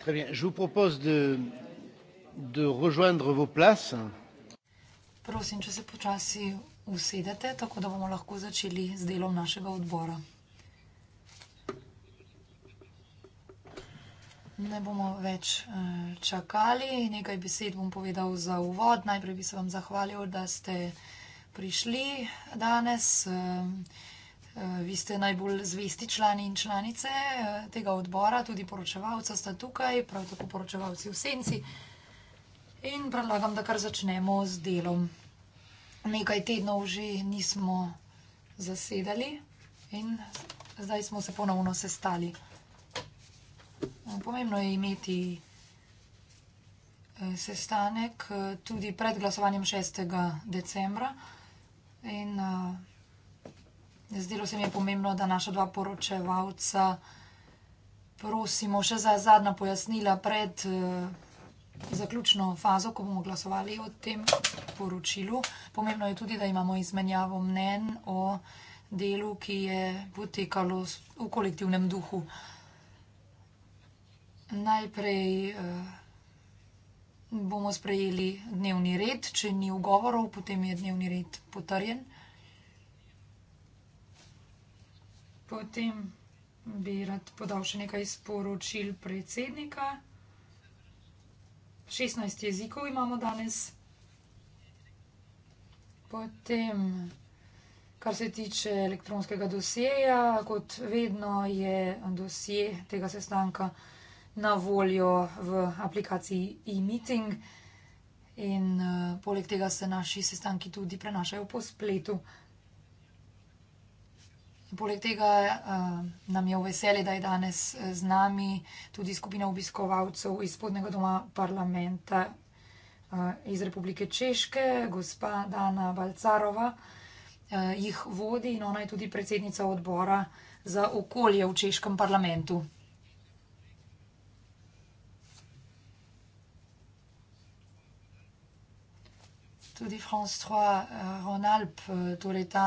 Très bien. Je vous propose de, de rejoindre vos places. Prosim, če se počasi usedete, tako da bomo lahko začeli z delom našega odbora. Ne bomo več eh, čakali. Nekaj besed bom povedal za uvod. Najprej bi se vam zahvalil, da ste prišli danes. Prosim, eh, Eh, vi ste najbolj zvesti člani in članice eh, tega odbora, tudi poročevalca sta tukaj, prav tako poročevalci v senci. In predlagam, da kar začnemo z delom. Nekaj tednov že nismo zasedali in zdaj smo se ponovno sestali. Eh, pomembno je imeti sestanek tudi pred glasovanjem 6. decembra in Zdelo se mi je pomembno, da naša dva poročevalca prosimo še za zadnja pojasnila pred eh, zaključno fazo, ko bomo glasovali o tem poročilu. Pomembno je tudi, da imamo izmenjavo mnen o delu, ki je potekalo v kolektivnem duhu. Najprej eh, bomo sprejeli dnevni red, če ni ugovorov, potem je dnevni red potrjen. Potem bi rad podal še nekaj sporočil predsednika. 16 jezikov imamo danes. Potem, kar se tiče elektronskega dosjeja, kot vedno je dosje tega sestanka na voljo v aplikaciji e-meeting in uh, poleg tega se naši sestanki tudi prenašajo po spletu. Poleg tega uh, nam je v veselje, da je danes eh, z nami tudi skupina obiskovalcev iz spodnega doma parlamenta uh, iz Republike Češke, gospa Dana Balcarova uh, jih vodi in ona je tudi predsednica odbora za okolje v češkem parlamentu. Tudi Franz Troy Ronalp, torej ta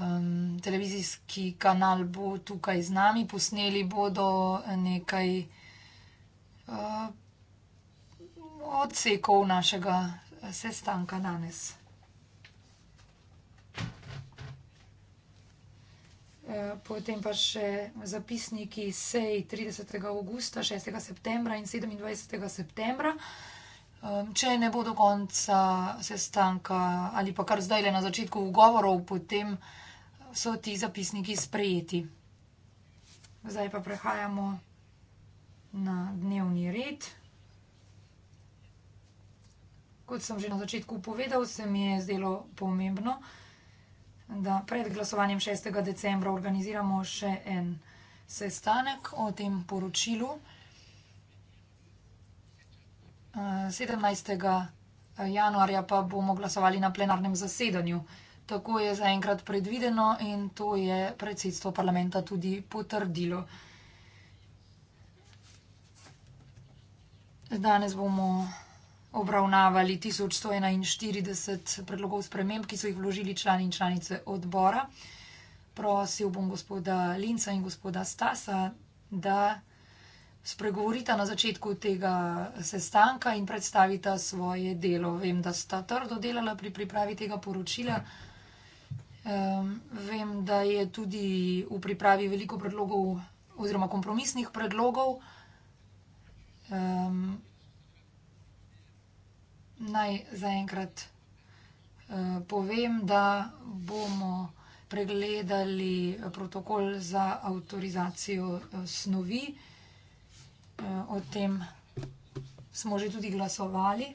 um, televizijski kanal bo tukaj z nami, posneli bodo nekaj uh, odsekov našega eh, sestanka danes. Eh, potem pa še zapisniki sej 30. augusta, 6. septembra in 27. septembra. Uh, Um, če ne bo do konca sestanka ali pa kar zdaj le na začetku ugovorov, potem so ti zapisniki sprejeti. Zdaj pa prehajamo na dnevni red. Kot sem že na začetku povedal, se mi je zdelo pomembno, da pred glasovanjem 6. decembra organiziramo še en sestanek o tem poročilu. 17. Eh, januarja pa bomo glasovali na plenarnem zasedanju. Tako je zaenkrat predvideno in to je predsedstvo parlamenta tudi potrdilo. Danes bomo obravnavali 1141 predlogov sprememb, ki so jih vložili člani in članice odbora. Prosil bom gospoda Linca in gospoda Stasa, da spregovorita na začetku tega sestanka in predstavita svoje delo. Vem, da sta trdo delala pri pripravi tega poročila. Um, vem, da je tudi v pripravi veliko predlogov oziroma kompromisnih predlogov. Um, naj zaenkrat uh, povem, da bomo pregledali protokol za avtorizacijo e, snovi o tem smo že tudi glasovali.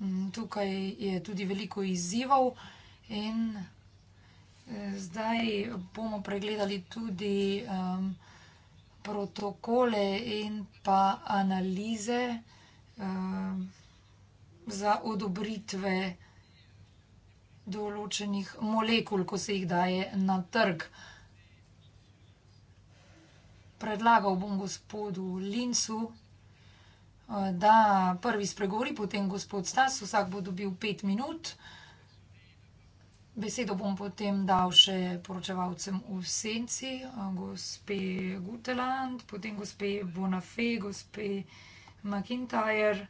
Mm, tukaj je tudi veliko izzivov in eh, zdaj bomo pregledali tudi ehm, protokole in pa analize ehm, za odobritve določenih molekul, ko se jih daje na trg. Zdaj, predlagal bom gospodu Lincu, eh, da prvi spregovori, potem gospod Stas, vsak bo dobil pet minut. Besedo bom potem dal še poročevalcem v senci, eh, gospe Guteland, potem gospe Bonafé, gospe McIntyre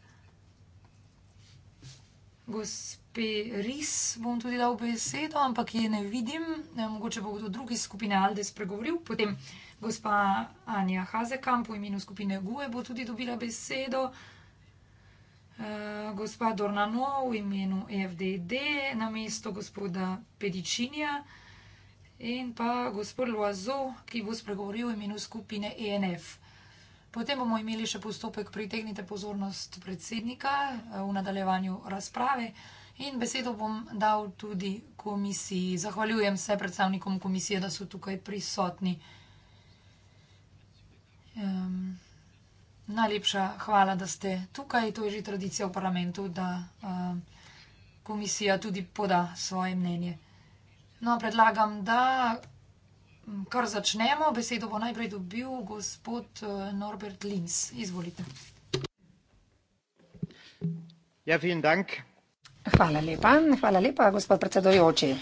gospe Ris bom tudi dal besedo, ampak je ne vidim, ja, mogoče bo kdo drugi iz skupine Aldes pregovoril, potem gospa Anja Hazekamp v imenu skupine GUE bo tudi dobila besedo, eh, gospa Dornano v imenu EFDD na mesto gospoda Pedičinja in pa gospod Loazo, ki bo spregovoril v imenu skupine ENF. Potem bomo imeli še postopek pritegnite pozornost predsednika eh, v nadaljevanju razprave in besedo bom dal tudi komisiji. Zahvaljujem se predstavnikom komisije, da so tukaj prisotni. Um, najlepša hvala, da ste tukaj. To je že tradicija v parlamentu, da um, komisija tudi poda svoje mnenje. No, predlagam, da Mm, kar začnemo. Besedo bo najprej dobil gospod eh, Norbert Linz. Izvolite. Ja, dank. Hvala lepa. Hvala lepa, gospod predsedojoči.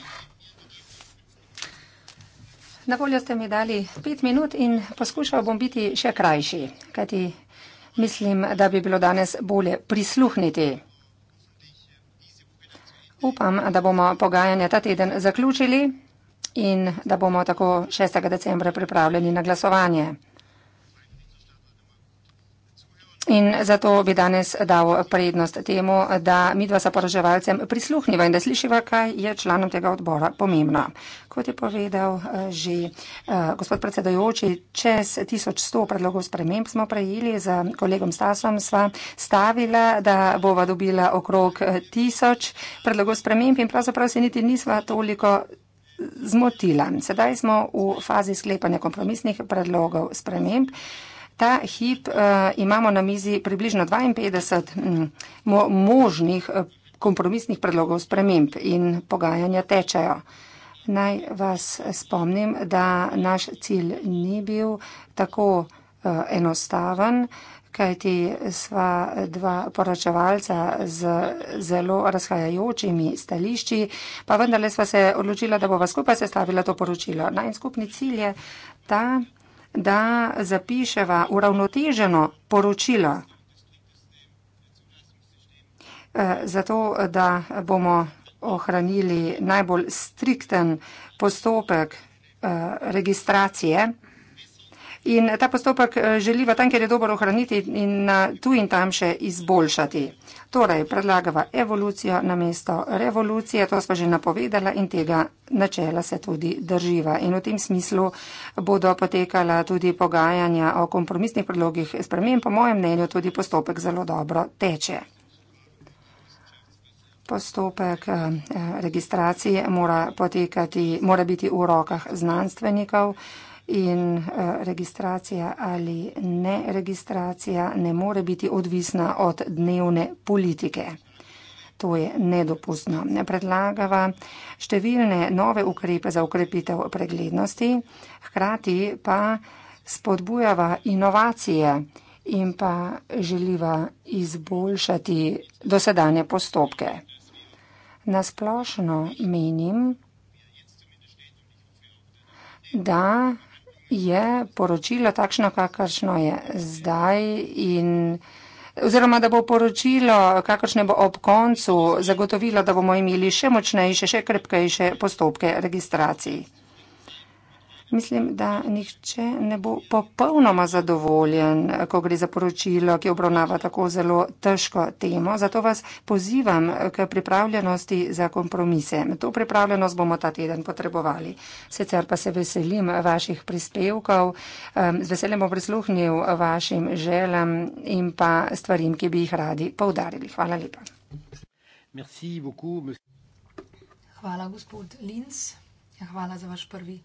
Na voljo ste mi dali pet minut in poskušal bom biti še krajši, kajti mislim, da bi bilo danes bolje prisluhniti. Upam, da bomo pogajanje ta teden zaključili in da bomo tako 6. decembra pripravljeni na glasovanje. In zato bi danes dal prednost temu, da mi dva saporoževalcem prisluhniva in da slišiva, kaj je članom tega odbora pomembno. Kot je povedal eh, že eh, gospod predsedojoči, čez 1100 predlogov sprememb smo prejeli z kolegom Stasom, sva stavila, da bova dobila okrog 1000 eh, predlogov sprememb in pravzaprav se niti nisva toliko zmotila. Sedaj smo v fazi sklepanja kompromisnih predlogov sprememb. Ta hip uh, imamo na mizi približno 52 mm, možnih eh, kompromisnih predlogov sprememb in pogajanja tečajo. Naj vas spomnim, da naš cilj ni bil tako uh, enostaven. Uh, kajti sva dva poročevalca z zelo razhajajočimi stališči, pa vendarle sva se odločila, da bova skupaj sestavila to poročilo. Najn no, skupni cilj je ta, da zapiševa uravnoteženo poročilo. Eh, zato, da bomo ohranili najbolj strikten postopek eh, registracije. In ta postopek eh, želiva tam, kjer je dobro ohraniti in tu in tam še izboljšati. Torej, predlagava evolucijo na mesto revolucije, to smo že napovedala in tega načela se tudi drživa. In v tem smislu bodo potekala tudi pogajanja o kompromisnih predlogih spremem, po mojem mnenju tudi postopek zelo dobro teče. Postopek eh, eh, registracije mora, potekati, mora biti v rokah znanstvenikov in eh, registracija ali ne registracija ne more biti odvisna od dnevne politike. To je nedopustno. Predlagava številne nove ukrepe za ukrepitev preglednosti, hkrati pa spodbujava inovacije in pa želiva izboljšati dosedanje postopke. Nasplošno menim, da je poročilo takšno, kakršno je zdaj in oziroma, da bo poročilo, kakršne bo ob koncu, zagotovilo, da bomo imeli še močnejše, še krepkejše postopke registracij. Mislim, da nihče ne bo popolnoma zadovoljen, ko gre za poročilo, ki obravnava tako zelo težko temo. Zato vas pozivam k pripravljenosti za kompromise. To pripravljenost bomo ta teden potrebovali. Sicer pa se veselim vaših prispevkov, z veseljem bom prisluhnil vašim želam in pa stvarim, ki bi jih radi poudarili. Hvala lepa. Merci beaucoup, Hvala, gospod Linz. Ja, hvala za vaš prvi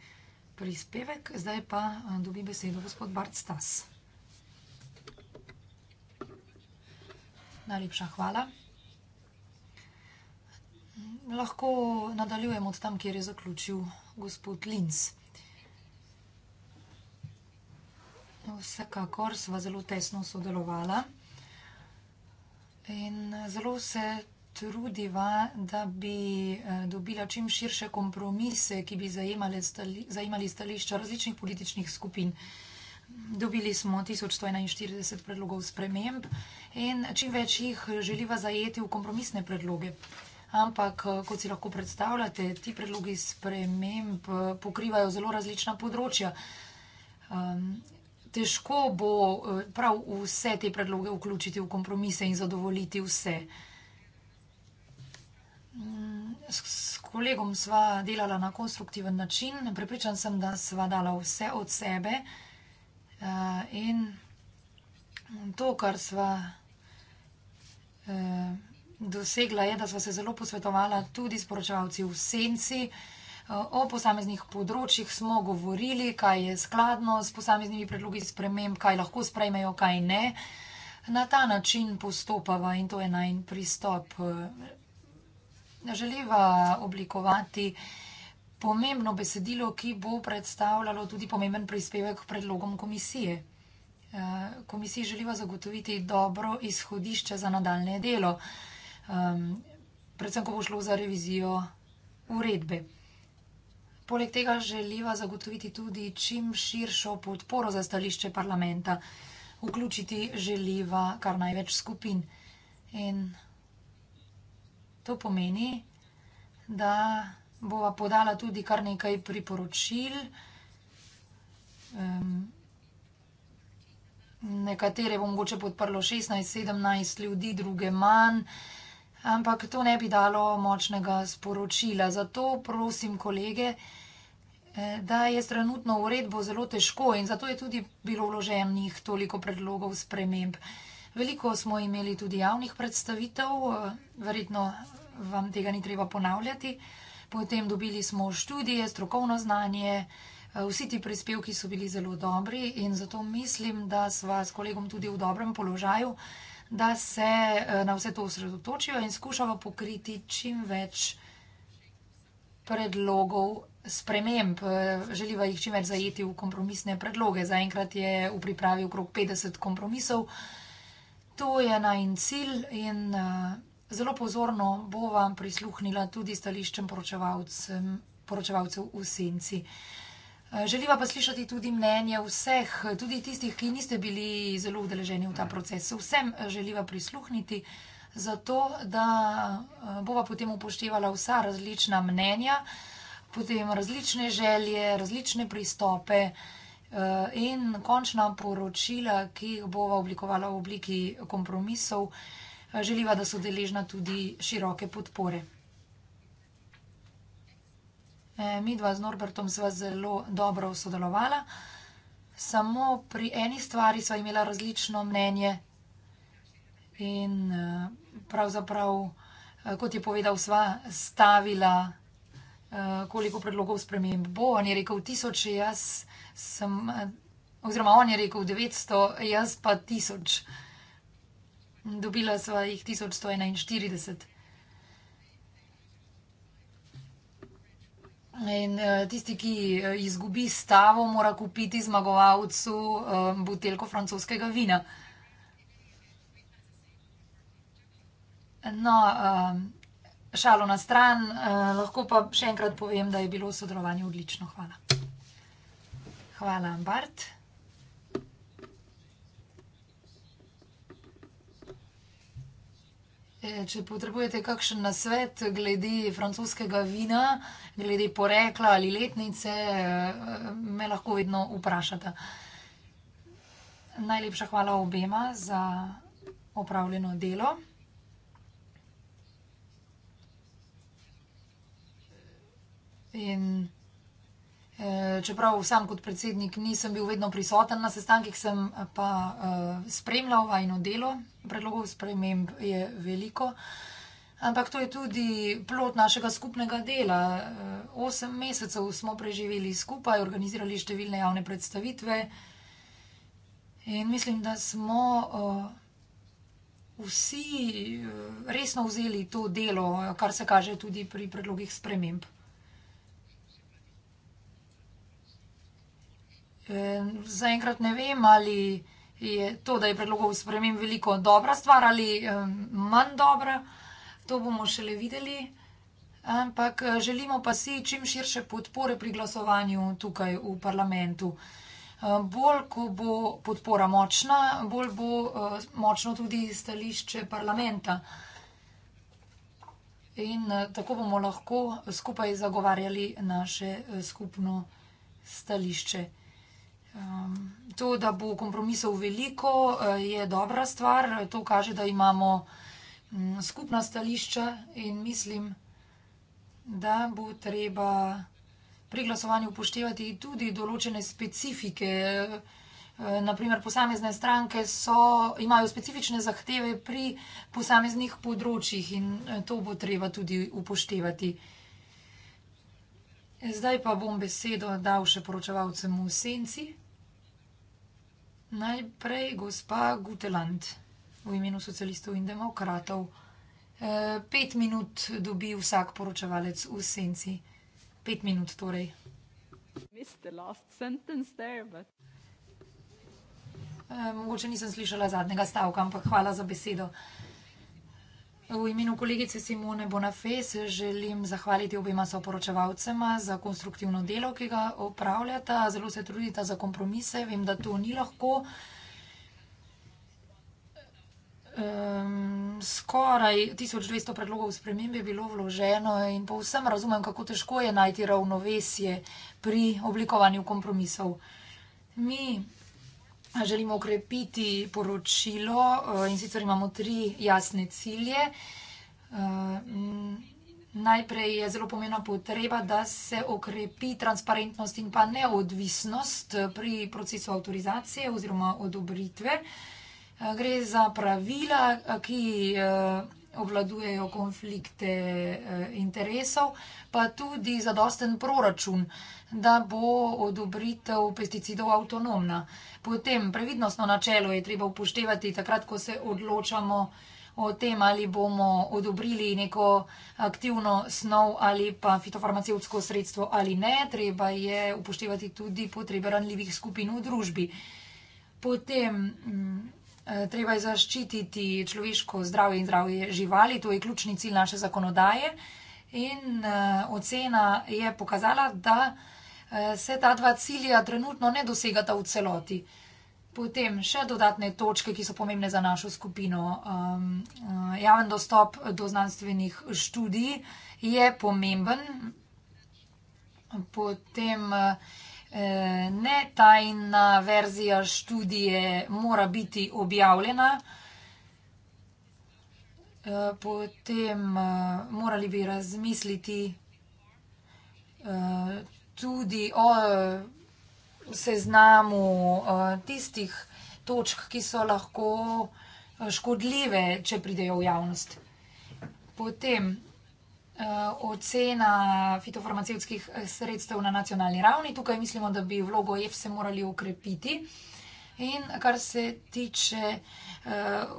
prispevek, zdaj pa eh, dobi besedo gospod Bart Stas. Najlepša hvala. Lahko nadaljujemo od tam, kjer je zaključil gospod Linz. Vsekakor sva zelo tesno sodelovala in eh, zelo se trudiva, da bi eh, dobila čim širše kompromise, ki bi zajemali, stali, zajemali stališča različnih političnih skupin. Dobili smo 1141 predlogov sprememb in čim več jih želiva zajeti v kompromisne predloge. Ampak, eh, kot si lahko predstavljate, ti predlogi sprememb eh, pokrivajo zelo različna področja. Ehm, težko bo prav vse te predloge vključiti v kompromise in zadovoljiti vse. Mm, s, s kolegom sva delala na konstruktiven način, prepričan sem, da sva dala vse od sebe eh, in to, kar sva eh, dosegla, je, da sva se zelo posvetovala tudi s poročevalci v senci. Eh, o posameznih področjih smo govorili, kaj je skladno s posameznimi predlogi sprememb, kaj lahko sprejmejo, kaj ne. Na ta način postopava in to je najn pristop želiva oblikovati pomembno besedilo, ki bo predstavljalo tudi pomemben prispevek k predlogom komisije. Eh, komisiji želiva zagotoviti dobro izhodišče za nadaljne delo, ehm, predvsem, ko bo šlo za revizijo uredbe. Poleg tega želiva zagotoviti tudi čim širšo podporo za stališče parlamenta, vključiti želiva kar največ skupin. In To pomeni, da bova podala tudi kar nekaj priporočil. Um, nekatere bo mogoče podprlo 16-17 ljudi, druge manj, ampak to ne bi dalo močnega sporočila. Zato prosim kolege, e, da je trenutno uredbo zelo težko in zato je tudi bilo vloženih toliko predlogov sprememb. Veliko smo imeli tudi javnih predstavitev, eh, verjetno vam tega ni treba ponavljati. Potem dobili smo študije, strokovno znanje, eh, vsi ti prispevki so bili zelo dobri in zato mislim, da sva s kolegom tudi v dobrem položaju, da se eh, na vse to osredotočijo in skušava pokriti čim več predlogov sprememb. Želiva jih čim več zajeti v kompromisne predloge. Zaenkrat je v pripravi okrog 50 kompromisov to je najn cilj in uh, zelo pozorno bo vam prisluhnila tudi stališčem poročevalcev v senci. Eh, želiva pa slišati tudi mnenje vseh, tudi tistih, ki niste bili zelo udeleženi v ta proces. Vsem eh, želiva prisluhniti, zato da bova potem upoštevala vsa različna mnenja, potem različne želje, različne pristope. Uh, Eh, in končna poročila, ki jih bova oblikovala v obliki kompromisov, eh, želiva, da so deležna tudi široke podpore. Eh, Mi dva z Norbertom sva zelo dobro sodelovala, samo pri eni stvari sva imela različno mnenje in pravzaprav, kot je povedal, sva stavila vsega, Eh, koliko predlogov sprememb bo. On je rekel 1000, jaz sem, eh, oziroma on je rekel 900, jaz pa 1000. Dobila sva jih 1141. In eh, tisti, ki izgubi stavo, mora kupiti zmagovalcu butelko francoskega vina. No, šalo na stran, uh, lahko pa še enkrat povem, da je bilo sodelovanje odlično. Hvala. Hvala, Bart. E, če potrebujete kakšen nasvet glede francoskega vina, glede porekla ali letnice, eh, me lahko vedno vprašate. Najlepša hvala obema za opravljeno delo. In, eh, čeprav sam kot predsednik nisem bil vedno prisoten na sestankih, sem eh, pa eh, spremljal vajno delo, predlogov sprememb je veliko. Ampak to je tudi plot našega skupnega dela. Eh, osem mesecev smo preživeli skupaj, organizirali številne javne predstavitve in mislim, da smo eh, vsi resno vzeli to delo, kar se kaže tudi pri predlogih sprememb. Zaenkrat ne vem, ali je to, da je predlogov spremem veliko dobra stvar ali manj dobra. To bomo šele videli. Ampak eh, želimo pa si čim širše podpore pri glasovanju tukaj v parlamentu. Eh, bolj, ko bo podpora močna, bolj bo eh, močno tudi stališče parlamenta. In tako bomo lahko skupaj zagovarjali naše skupno stališče. Ehm, to, da bo kompromisov veliko, eh, je dobra stvar. To kaže, da imamo mm, skupna stališča in mislim, da bo treba pri glasovanju upoštevati tudi določene specifike. Eh, Naprimer, posamezne stranke so, imajo specifične zahteve pri posameznih področjih in eh, to bo treba tudi upoštevati. Zdaj pa bom besedo dal še poročevalcem v senci. Najprej gospa Guteland v imenu socialistov in demokratov. E, pet minut dobi vsak poročevalec v senci. Pet minut torej. There, but... e, mogoče nisem slišala zadnjega stavka, ampak hvala za besedo. E, V imenu kolegice Simone Bonafé se želim zahvaliti obima soporočevalcema za konstruktivno delo, ki ga upravljata. Zelo se trudita za kompromise. Vem, da to ni lahko. Um, skoraj 1200 predlogov sprememb je bilo vloženo in povsem razumem, kako težko je najti ravnovesje pri oblikovanju kompromisov. Mi želimo ukrepiti poročilo eh, in sicer imamo tri jasne cilje. Eh, najprej je zelo pomembna potreba, da se okrepi transparentnost in pa neodvisnost eh, pri procesu avtorizacije oziroma odobritve. Gre za pravila, ki obvladujejo konflikte eh, interesov, pa tudi zadosten proračun, da bo odobritev pesticidov avtonomna. Potem previdnostno načelo je treba upoštevati takrat, ko se odločamo o tem, ali bomo odobrili neko aktivno snov ali pa fitofarmacevtsko sredstvo ali ne. Treba je upoštevati tudi potrebe ranljivih skupin v družbi. Potem mm, Eh, treba je zaščititi človeško zdravje in zdravje živali, to je ključni cilj naše zakonodaje. In uh, ocena je pokazala, da uh, se ta dva cilja trenutno ne dosegata v celoti. Potem še dodatne točke, ki so pomembne za našo skupino. Um, uh, javen dostop do znanstvenih študij je pomemben. Potem uh, ne tajna verzija študije mora biti objavljena. Eh, potem eh, morali bi razmisliti eh, tudi o seznamu tistih točk, ki so lahko škodljive, če pridejo v javnost. Potem Eh, ocena fitofarmacevskih eh, sredstev na nacionalni ravni. Tukaj mislimo, da bi vlogo EFSE morali ukrepiti. In kar se tiče uh,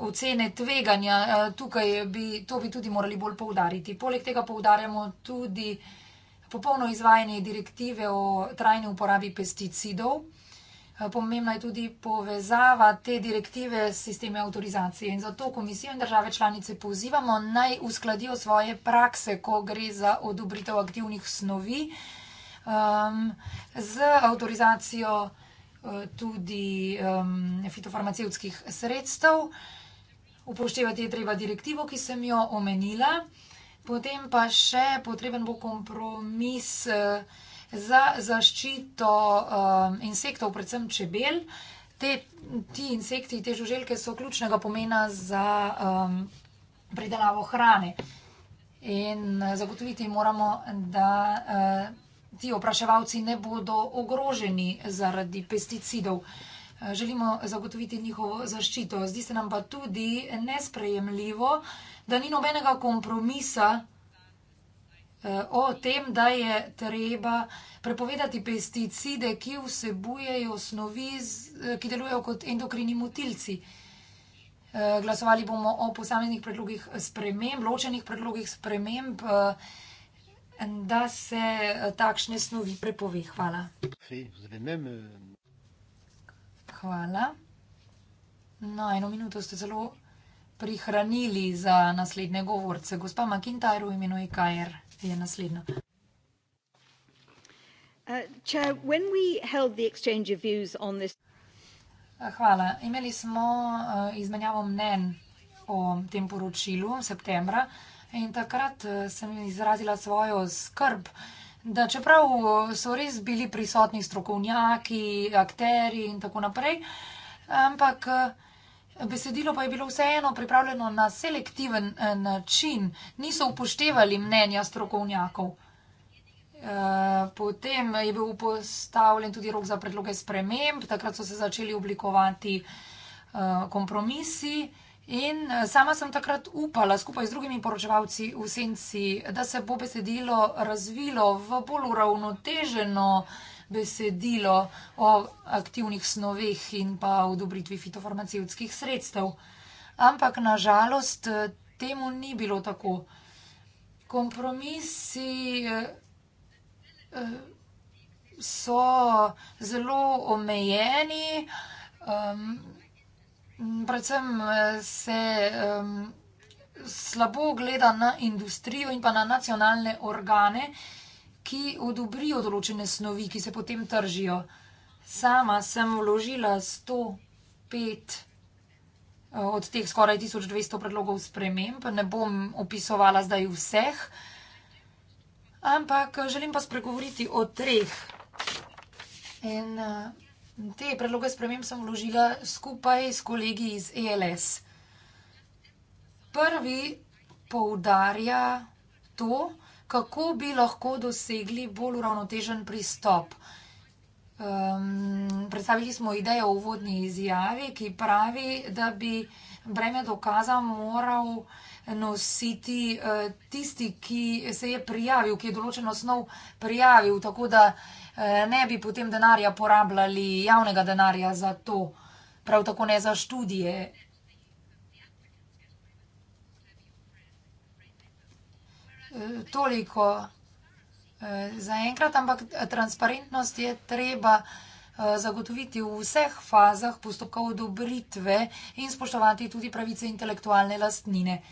ocene tveganja, uh, tukaj bi to bi tudi morali bolj poudariti. Poleg tega poudarjamo tudi popolno izvajanje direktive o trajni uporabi pesticidov. Eh, pomembna je tudi povezava te direktive s sistemi avtorizacije in zato komisijo in države članice pozivamo naj uskladijo svoje prakse, ko gre za odobritev aktivnih snovi um, z avtorizacijo eh, tudi um, fitofarmacevskih sredstev. Upoštevati je treba direktivo, ki sem jo omenila, potem pa še potreben bo kompromis. Uh, za zaščito um, insektov, predvsem čebel. Te, ti insekti, te žuželke so ključnega pomena za um, pridelavo hrane. In uh, zagotoviti moramo, da uh, ti opraševalci ne bodo ogroženi zaradi pesticidov. Uh, želimo zagotoviti njihovo zaščito. Zdi se nam pa tudi nesprejemljivo, da ni nobenega kompromisa Eh, o tem, da je treba prepovedati pesticide, ki vsebujejo snovi, eh, ki delujejo kot endokrini motilci. Eh, glasovali bomo o posameznih predlogih sprememb, ločenih predlogih sprememb, da se takšne snovi prepove. Hvala. Hvala. No, eno minuto ste zelo prihranili za naslednje govorce. Gospa McIntyre v imenu Ikajer. E je naslednja. Uh, uh, hvala. Imeli smo uh, izmenjavo mnen o tem poročilu septembra in takrat sem izrazila svojo skrb, da čeprav so res bili prisotni strokovnjaki, akteri in tako naprej, ampak Besedilo pa je bilo vseeno pripravljeno na selektiven eh, način, niso upoštevali mnenja strokovnjakov. Eh, potem je bil postavljen tudi rok za predloge sprememb, takrat so se začeli oblikovati eh, kompromisi in sama sem takrat upala skupaj z drugimi poročevalci v senci, da se bo besedilo razvilo v bolj uravnoteženo, besedilo o aktivnih snoveh in pa o dobritvi fitofarmacevskih sredstev. Ampak nažalost eh, temu ni bilo tako. Kompromisi eh, eh, so zelo omejeni, predvsem se slabo gleda na industrijo in pa na nacionalne organe, ki ki odobrijo določene snovi, ki se potem tržijo. Sama sem vložila 105 eh, od teh skoraj 1200 predlogov sprememb, ne bom opisovala zdaj vseh, ampak eh, želim pa spregovoriti o treh. In eh, te predloge sprememb sem vložila skupaj s kolegi iz ELS. Prvi poudarja to, da je to, kako bi lahko dosegli bolj uravnotežen pristop. Um, predstavili smo idejo v uvodni izjavi, ki pravi, da bi breme dokaza moral nositi uh, tisti, ki se je prijavil, ki je določen osnov prijavil, tako da uh, ne bi potem denarja porabljali javnega denarja za to, prav tako ne za študije toliko eh, zaenkrat, ampak eh, transparentnost je treba eh, zagotoviti v vseh fazah postopka odobritve in spoštovati tudi pravice intelektualne lastnine.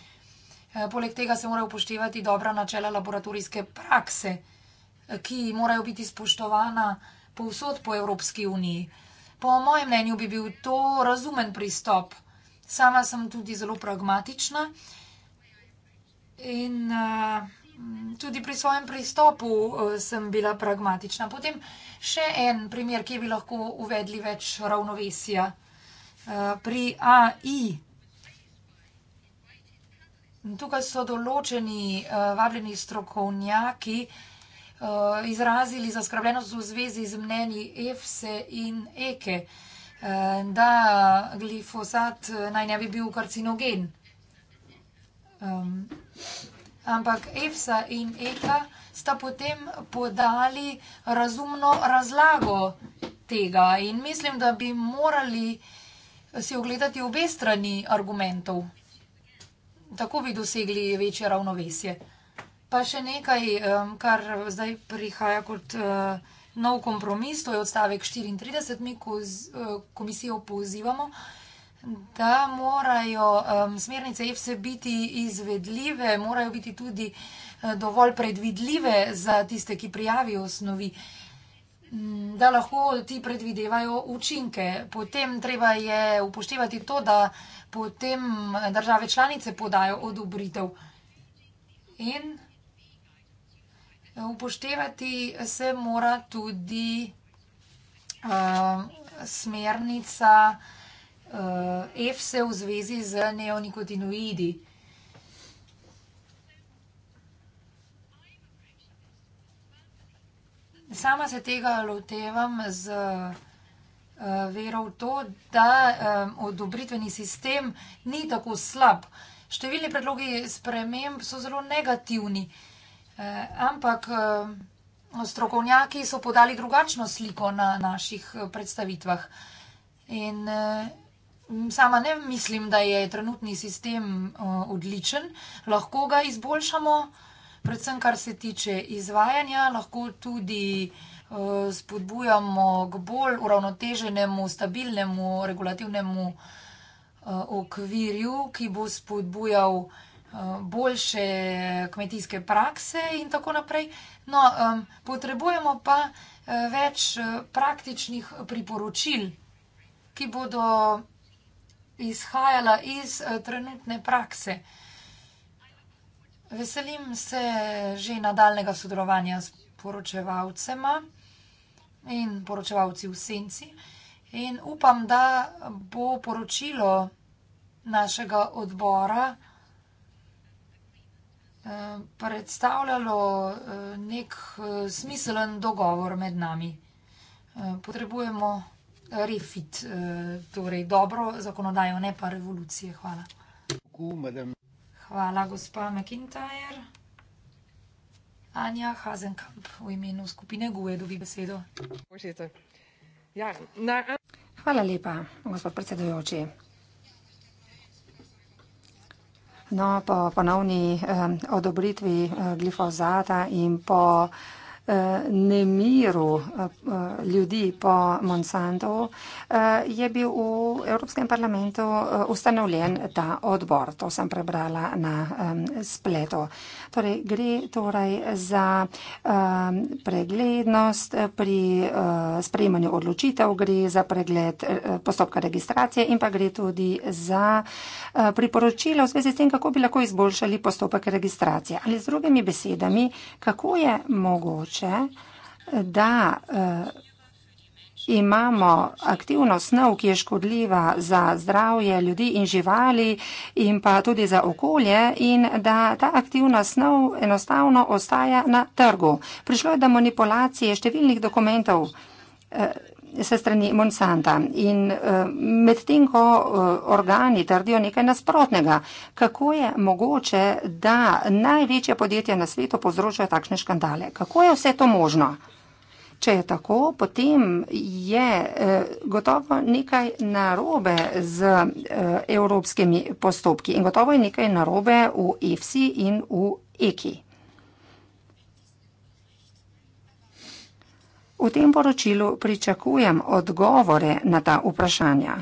Poleg tega se mora upoštevati dobra načela laboratorijske prakse, ki morajo biti spoštovana povsod po Evropski uniji. Po mojem mnenju bi bil to razumen pristop. Sama sem tudi zelo pragmatična. In eh, tudi pri svojem pristopu eh, sem bila pragmatična. Potem še en primer, ki bi lahko uvedli več ravnovesja. Eh, pri AI. Tukaj so določeni vabljeni strokovnjaki izrazili zaskrbljenost v zvezi z mnenji EFSE in EKE, da glifosat naj ne bi bil karcinogen. Ampak Efsa in Eka sta potem podali razumno razlago tega in mislim, da bi morali si ogledati obe strani argumentov. Tako bi dosegli večje ravnovesje. Pa še nekaj, kar zdaj prihaja kot eh, nov kompromis, to je odstavek 34, mi eh, komisijo pozivamo da morajo um, smernice EFSE biti izvedljive, morajo biti tudi eh, dovolj predvidljive za tiste, ki prijavijo osnovi, mm, da lahko ti predvidevajo učinke. Potem treba je upoštevati to, da potem eh, države članice podajo odobritev in eh, upoštevati se mora tudi um, smernica uh, eh, EFSE v zvezi z neonikotinoidi. Sama se tega lotevam z uh, vero v to, da um, odobritveni sistem ni tako slab. Številni predlogi sprememb so zelo negativni, eh, ampak eh, strokovnjaki so podali drugačno sliko na naših predstavitvah. In, eh, sama ne mislim, da je trenutni sistem odličen, lahko ga izboljšamo, predvsem kar se tiče izvajanja, lahko tudi spodbujamo k bolj uravnoteženemu, stabilnemu, regulativnemu okvirju, ki bo spodbujal boljše kmetijske prakse in tako naprej. No, potrebujemo pa e, več praktičnih priporočil, ki bodo izhajala iz eh, trenutne prakse. Veselim se že nadaljnega sodelovanja s poročevalcema in poročevalci v senci in upam, da bo poročilo našega odbora eh, predstavljalo eh, nek smiselen dogovor med nami. Potrebujemo refit, eh, torej dobro zakonodajo, ne pa revolucije. Hvala. Hvala, gospa McIntyre. Anja Hazenkamp v imenu skupine GUE dobi besedo. Ja, Hvala lepa, gospod predsedujoči. No, po ponovni eh, odobritvi eh, glifozata in po eh, nemiru eh, ljudi po Monsantu eh, je bil v Evropskem parlamentu eh, ustanovljen ta odbor. To sem prebrala na spletu. Torej, gre torej za preglednost pri sprejemanju odločitev, gre za pregled postopka registracije in pa gre tudi za priporočila v zvezi s tem, kako bi lahko izboljšali postopek registracije. Ali z drugimi besedami, kako je mogoče mogoče, da eh, imamo aktivno snov, ki je škodljiva za zdravje ljudi in živali in pa tudi za okolje in da ta aktivna snov enostavno ostaja na trgu. Prišlo je do manipulacije številnih dokumentov eh, se strani Monsanta. In uh, medtem, ko uh, organi trdijo nekaj nasprotnega, kako je mogoče, da največje podjetje na svetu povzročajo takšne škandale? Kako je vse to možno? Če je tako, potem je eh, gotovo nekaj narobe z eh, evropskimi postopki in gotovo je nekaj narobe v EFSI in v EKI. V tem poročilu pričakujem odgovore na ta vprašanja.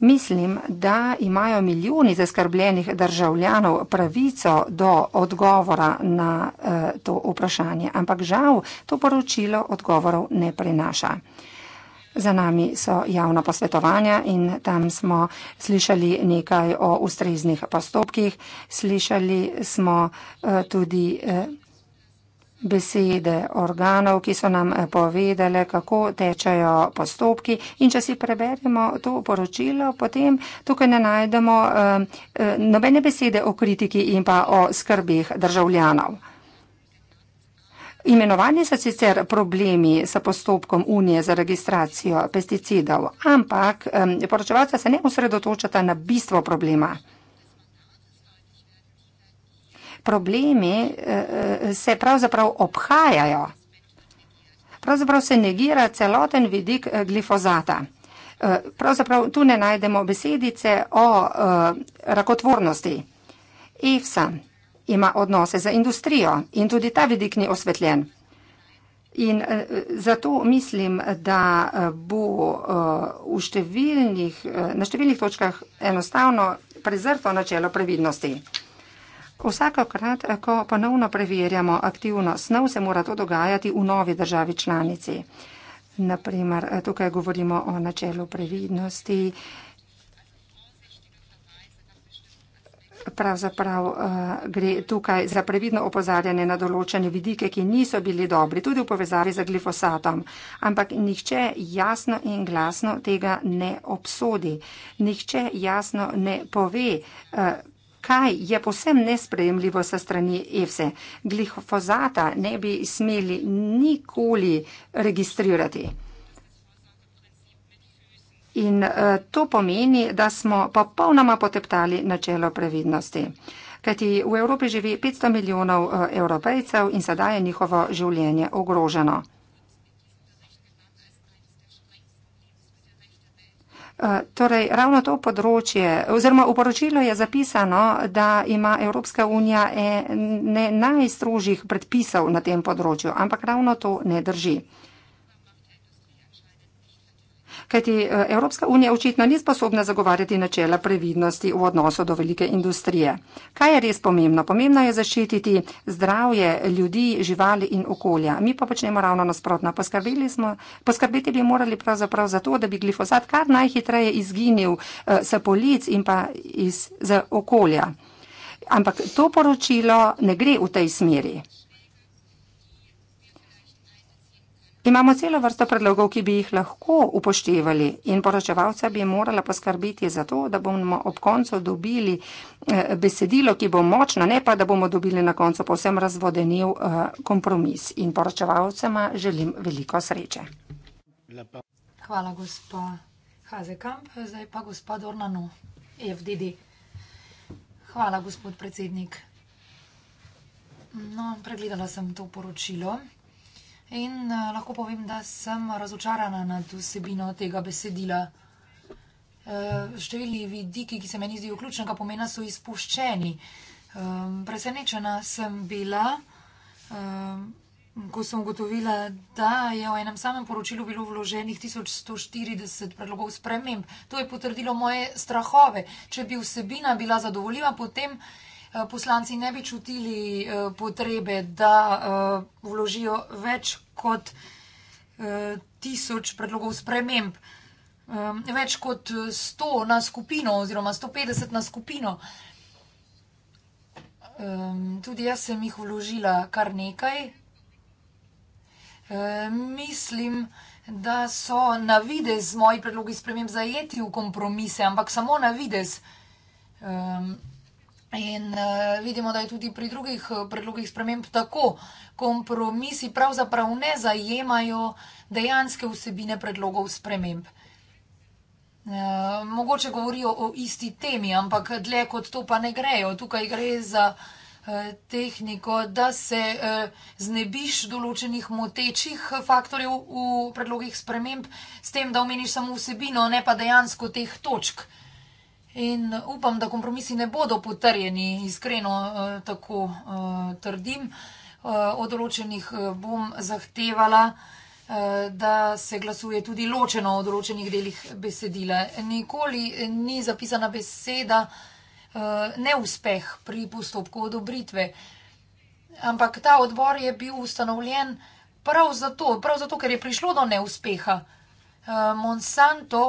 Mislim, da imajo milijoni zaskrbljenih državljanov pravico do odgovora na eh, to vprašanje, ampak žal to poročilo odgovorov ne prenaša. Za nami so javna posvetovanja in tam smo slišali nekaj o ustreznih postopkih, slišali smo eh, tudi. Eh, besede organov, ki so nam eh, povedali, kako tečejo postopki. In če si preberemo to poročilo, potem tukaj ne najdemo eh, eh, nobene besede o kritiki in pa o skrbih državljanov. Imenovani so sicer problemi s postopkom Unije za registracijo pesticidov, ampak poročevalca se ne osredotočata na bistvo problema problemi eh, eh, se pravzaprav obhajajo. Pravzaprav se negira celoten vidik eh, glifozata. Pravzaprav tu ne najdemo besedice o rakotvornosti. EFSA ima odnose za industrijo in tudi ta vidik ni osvetljen. In zato mislim, da bo v številnih, na številnih točkah enostavno prezrto načelo previdnosti. Vsakokrat, ko ponovno preverjamo aktivnost snov, se mora to dogajati v novi državi članici. Naprimer, tukaj govorimo o načelu previdnosti. Pravzaprav eh, gre tukaj za previdno opozarjanje na določene vidike, ki niso bili dobri, tudi v povezavi z glifosatom. Ampak nihče jasno in glasno tega ne obsodi. Nihče jasno ne pove, eh, kaj je posem nesprejemljivo sa strani EFSE. Glifozata ne bi smeli nikoli registrirati. In eh, to pomeni, da smo popolnoma poteptali načelo previdnosti. Kajti v Evropi živi 500 milijonov eh, evropejcev in sedaj je njihovo življenje ogroženo. Eh, torej, ravno to področje, oziroma v poročilu je zapisano, da ima Evropska unija ene najstrožjih predpisov na tem področju, ampak ravno to ne drži kajti eh, Evropska unija očitno ni sposobna zagovarjati načela previdnosti v odnosu do velike industrije. Kaj je res pomembno? Pomembno je zaščititi zdravje ljudi, živali in okolja. Mi pa počnemo ravno nasprotno. Poskrbeti bi morali pravzaprav za to, da bi glifosat kar najhitreje izginil eh, s polic in pa iz okolja. Ampak to poročilo ne gre v tej smeri. Imamo celo vrsto predlogov, ki bi jih lahko upoštevali in poročevalca bi morala poskrbeti za to, da bomo ob koncu dobili eh, besedilo, ki bo močno, ne pa, da bomo dobili na koncu povsem razvodenil eh, kompromis. In poročevalcema želim veliko sreče. Hvala, gospa Hazekamp. Zdaj pa gospod Ornanu, FDD. Hvala, gospod predsednik. No, pregledala sem to poročilo. In uh, lahko povem, da sem razočarana nad vsebino tega besedila. Uh, številni vidiki, ki se meni zdijo ključnega pomena, so izpuščeni. Um, presenečena sem bila, um, ko sem ugotovila, da je v enem samem poročilu bilo vloženih 1140 predlogov sprememb. To je potrdilo moje strahove. Če bi vsebina bila zadovoljiva, potem. Eh, poslanci ne bi čutili eh, potrebe, da eh, vložijo več kot tisoč predlogov sprememb, več kot sto na skupino oziroma sto petdeset na skupino. Tudi jaz sem jih vložila kar nekaj. Mislim, da so na videz moji predlogi sprememb zajeti v kompromise, ampak samo na videz. In eh, vidimo, da je tudi pri drugih eh, predlogih sprememb tako. Kompromisi pravzaprav ne zajemajo dejanske vsebine predlogov sprememb. Eh, mogoče govorijo o isti temi, ampak dlje kot to pa ne grejo. Tukaj gre za tehniko, da se znebiš določenih motečih faktorjev v predlogih sprememb, s tem, da omeniš samo vsebino, ne pa dejansko teh točk. In uh, upam, da kompromisi ne bodo potrjeni, iskreno uh, tako uh, trdim. Od določenih bom zahtevala, da se glasuje tudi ločeno o določenih delih besedila. Nikoli ni zapisana beseda neuspeh pri postopku odobritve, ampak ta odbor je bil ustanovljen prav zato, prav zato ker je prišlo do neuspeha. Monsanto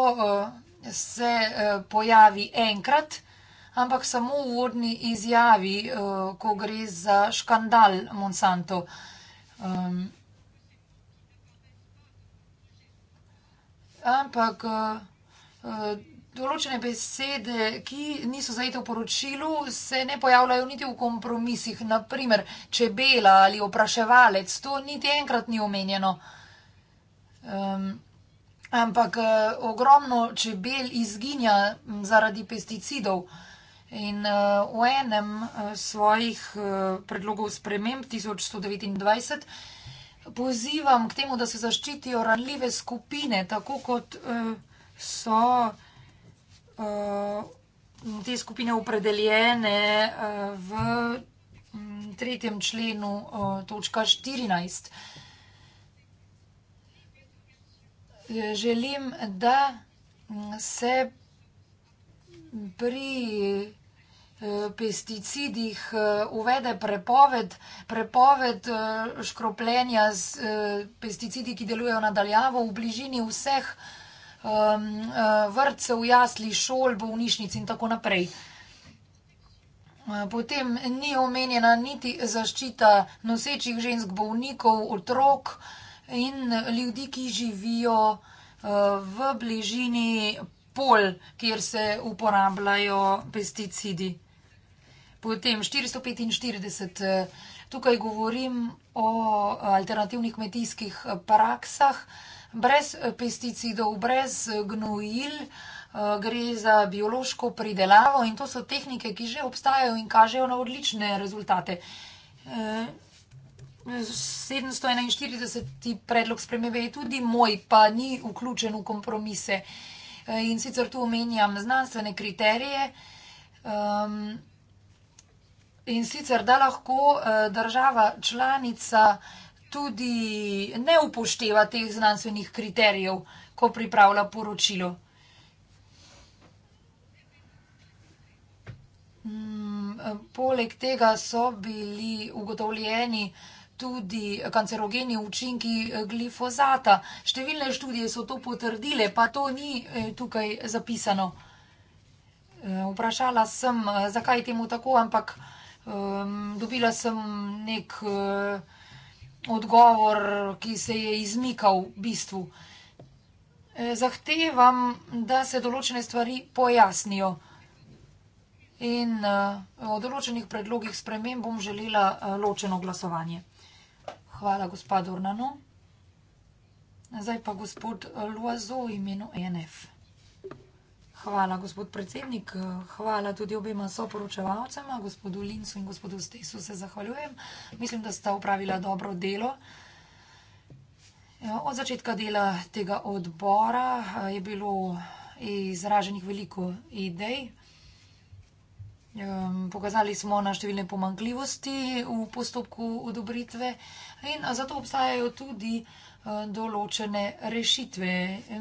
se eh, pojavi enkrat, ampak samo v uvodni izjavi, eh, ko gre za škandal Monsanto. Ampak eh, določene besede, ki niso zajete v poročilu, se ne pojavljajo niti v kompromisih. Naprimer, čebela ali opraševalec, to niti enkrat ni omenjeno. Ampak. Ampak uh, ogromno čebel izginja zaradi pesticidov. In uh, v enem uh, svojih uh, predlogov sprememb 1129 pozivam k temu, da se zaščitijo ranljive skupine, tako kot uh, so uh, te skupine opredeljene uh, v tretjem členu uh, točka 14 želim, da se pri eh, pesticidih eh, uvede prepoved, prepoved eh, škropljenja z pesticidi, ki delujejo nadaljavo v bližini vseh vrtcev, jasli, šol, bolnišnic in tako naprej. Potem ni omenjena niti zaščita nosečih žensk, bolnikov, otrok, vsega, in ljudi, ki živijo eh, v bližini pol, kjer se uporabljajo pesticidi. Potem 445. Eh, tukaj govorim o alternativnih kmetijskih praksah. Brez pesticidov, brez gnojil eh, gre za biološko pridelavo in to so tehnike, ki že obstajajo in kažejo na odlične rezultate. 741. predlog spremembe je tudi moj, pa ni vključen v kompromise. Eh, in sicer tu omenjam znanstvene kriterije. Um, in sicer, da lahko eh, država članica tudi ne upošteva teh znanstvenih kriterijev, ko pripravlja poročilo. Hmm, eh, poleg tega so bili ugotovljeni uh, tudi kancerogeni učinki eh, glifozata. Številne študije so to potrdile, pa to ni eh, tukaj zapisano. Eh, vprašala sem, zakaj temu tako, ampak um, dobila sem nek uh, odgovor, ki se je izmikal v bistvu. Zahtevam, da se določene stvari pojasnijo in uh, o določenih predlogih sprememb bom želela uh, ločeno glasovanje. Hvala, gospa Dornano. Zdaj pa gospod Loazo v imenu ENF. Hvala, gospod predsednik. Hvala tudi obema soporočevalcema, gospodu Lincu in gospodu Stesu se zahvaljujem. Mislim, da sta upravila dobro delo. Od začetka dela tega odbora eh, je bilo izraženih veliko idej, Pokazali smo na številne pomankljivosti v postopku odobritve in zato obstajajo tudi eh, določene rešitve.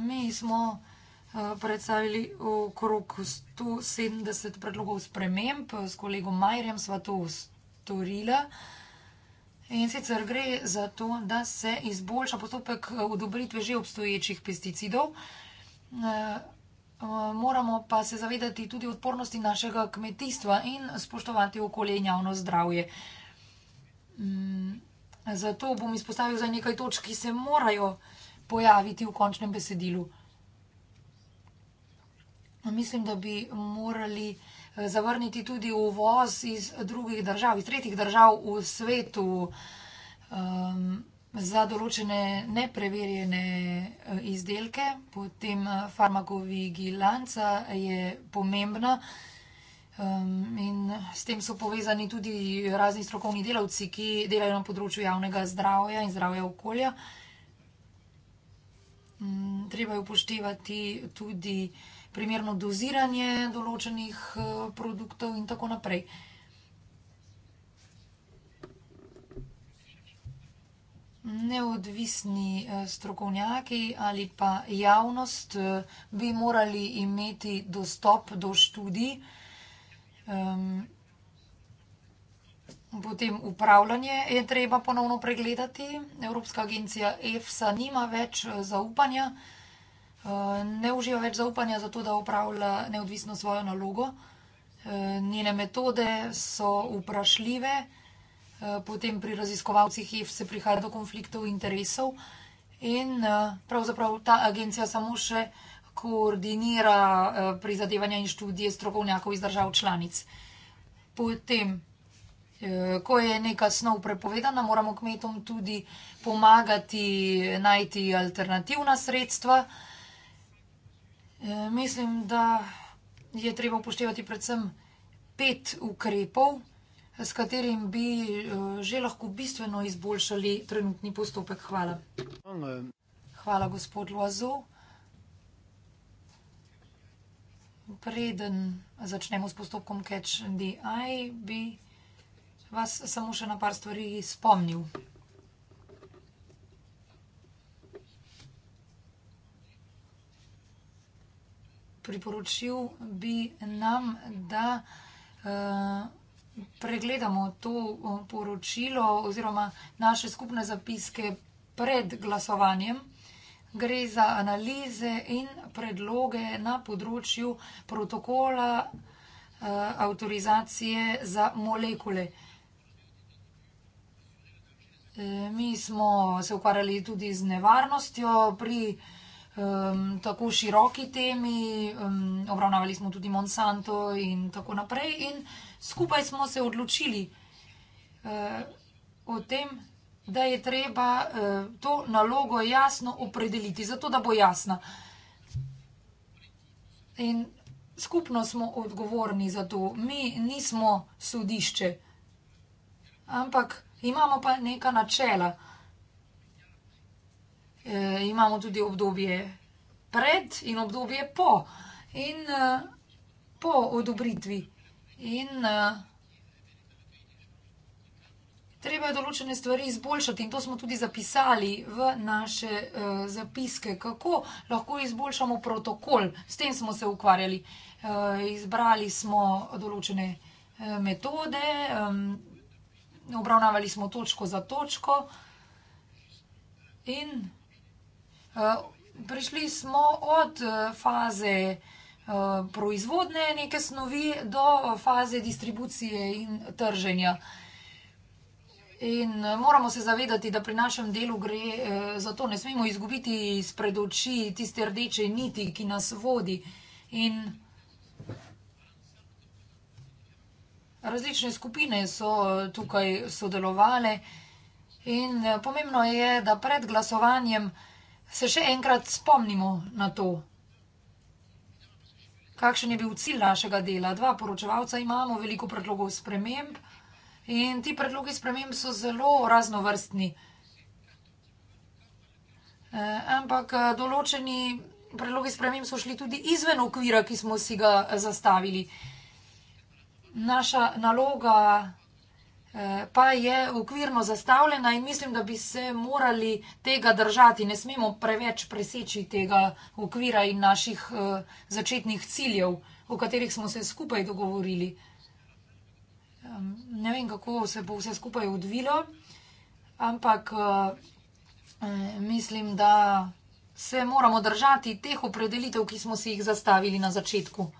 Mi smo eh, predstavili okrog 170 predlogov sprememb, eh, s kolegom Majerjem sva to storila. In sicer gre za to, da se izboljša postopek odobritve že obstoječih pesticidov. Eh, moramo pa se zavedati tudi odpornosti našega kmetijstva in spoštovati okolje in javno zdravje. Mm, zato bom izpostavil za nekaj točk, ki se morajo pojaviti v končnem besedilu. Mislim, da bi morali eh, zavrniti tudi uvoz iz drugih držav, iz tretjih držav v svetu. Um, za določene nepreverjene eh, izdelke, potem eh, farmakovigilanca je pomembna um, in s tem so povezani tudi razni strokovni delavci, ki delajo na področju javnega zdravja in zdravja okolja. Mm, treba je upoštevati tudi primerno doziranje določenih eh, produktov in tako naprej. Neodvisni eh, strokovnjaki ali pa javnost eh, bi morali imeti dostop do študij, ehm, potem upravljanje je treba ponovno pregledati. Evropska agencija EFSA nima več eh, zaupanja, ne uživa več zaupanja zato, da upravlja neodvisno svojo nalogo. Njene metode so vprašljive. Eh, potem pri raziskovalcih EF se prihaja do konfliktov interesov in eh, pravzaprav ta agencija samo še koordinira eh, prizadevanja in študije strokovnjakov iz držav članic. Potem, ko je neka snov prepovedana, moramo kmetom tudi pomagati najti alternativna sredstva. Mislim, da je treba upoštevati predvsem pet ukrepov s katerim bi eh, že lahko bistveno izboljšali trenutni postopek. Hvala. Hvala, gospod Loazu. Preden začnemo s postopkom Catch and DI, bi vas samo še na par stvari spomnil. Priporočil bi nam, da uh, pregledamo to poročilo oziroma naše skupne zapiske pred glasovanjem. Gre za analize in predloge na področju protokola eh, avtorizacije za molekule. E, mi smo se ukvarjali tudi z nevarnostjo pri um, tako široki temi, um, obravnavali smo tudi Monsanto in tako naprej. In, uh, skupaj smo se odločili uh, o tem, da je treba uh, to nalogo jasno opredeliti, zato da bo jasna. In skupno smo odgovorni za to, mi nismo sodišče, ampak imamo pa neka načela. E, imamo tudi obdobje pred in obdobje po, in e, po odobritvi. In eh, treba je določene stvari izboljšati in to smo tudi zapisali v naše eh, zapiske, kako lahko izboljšamo protokol. S tem smo se ukvarjali. Eh, izbrali smo določene metode, obravnavali smo točko za točko in prišli smo od faze izboljšanja Eh, proizvodne neke snovi do eh, faze distribucije in trženja. In eh, moramo se zavedati, da pri našem delu gre za to, ne smemo izgubiti spred oči tiste rdeče niti, ki nas vodi. In različne skupine so tukaj sodelovale in pomembno je, da pred glasovanjem se še enkrat spomnimo na to kakšen je bil cilj našega dela. Dva poročevalca imamo, veliko predlogov sprememb in ti predlogi sprememb so zelo raznovrstni. Eh, ampak eh, določeni predlogi sprememb so šli tudi izven okvira, ki smo si ga eh, zastavili. Naša naloga je, pa je ukvirno zastavljena in mislim, da bi se morali tega držati. Ne smemo preveč preseči tega ukvira in naših eh, začetnih ciljev, o katerih smo se skupaj dogovorili. Ne vem, kako se bo vse skupaj odvilo, ampak eh, mislim, da se moramo držati teh opredelitev, ki smo si jih zastavili na začetku.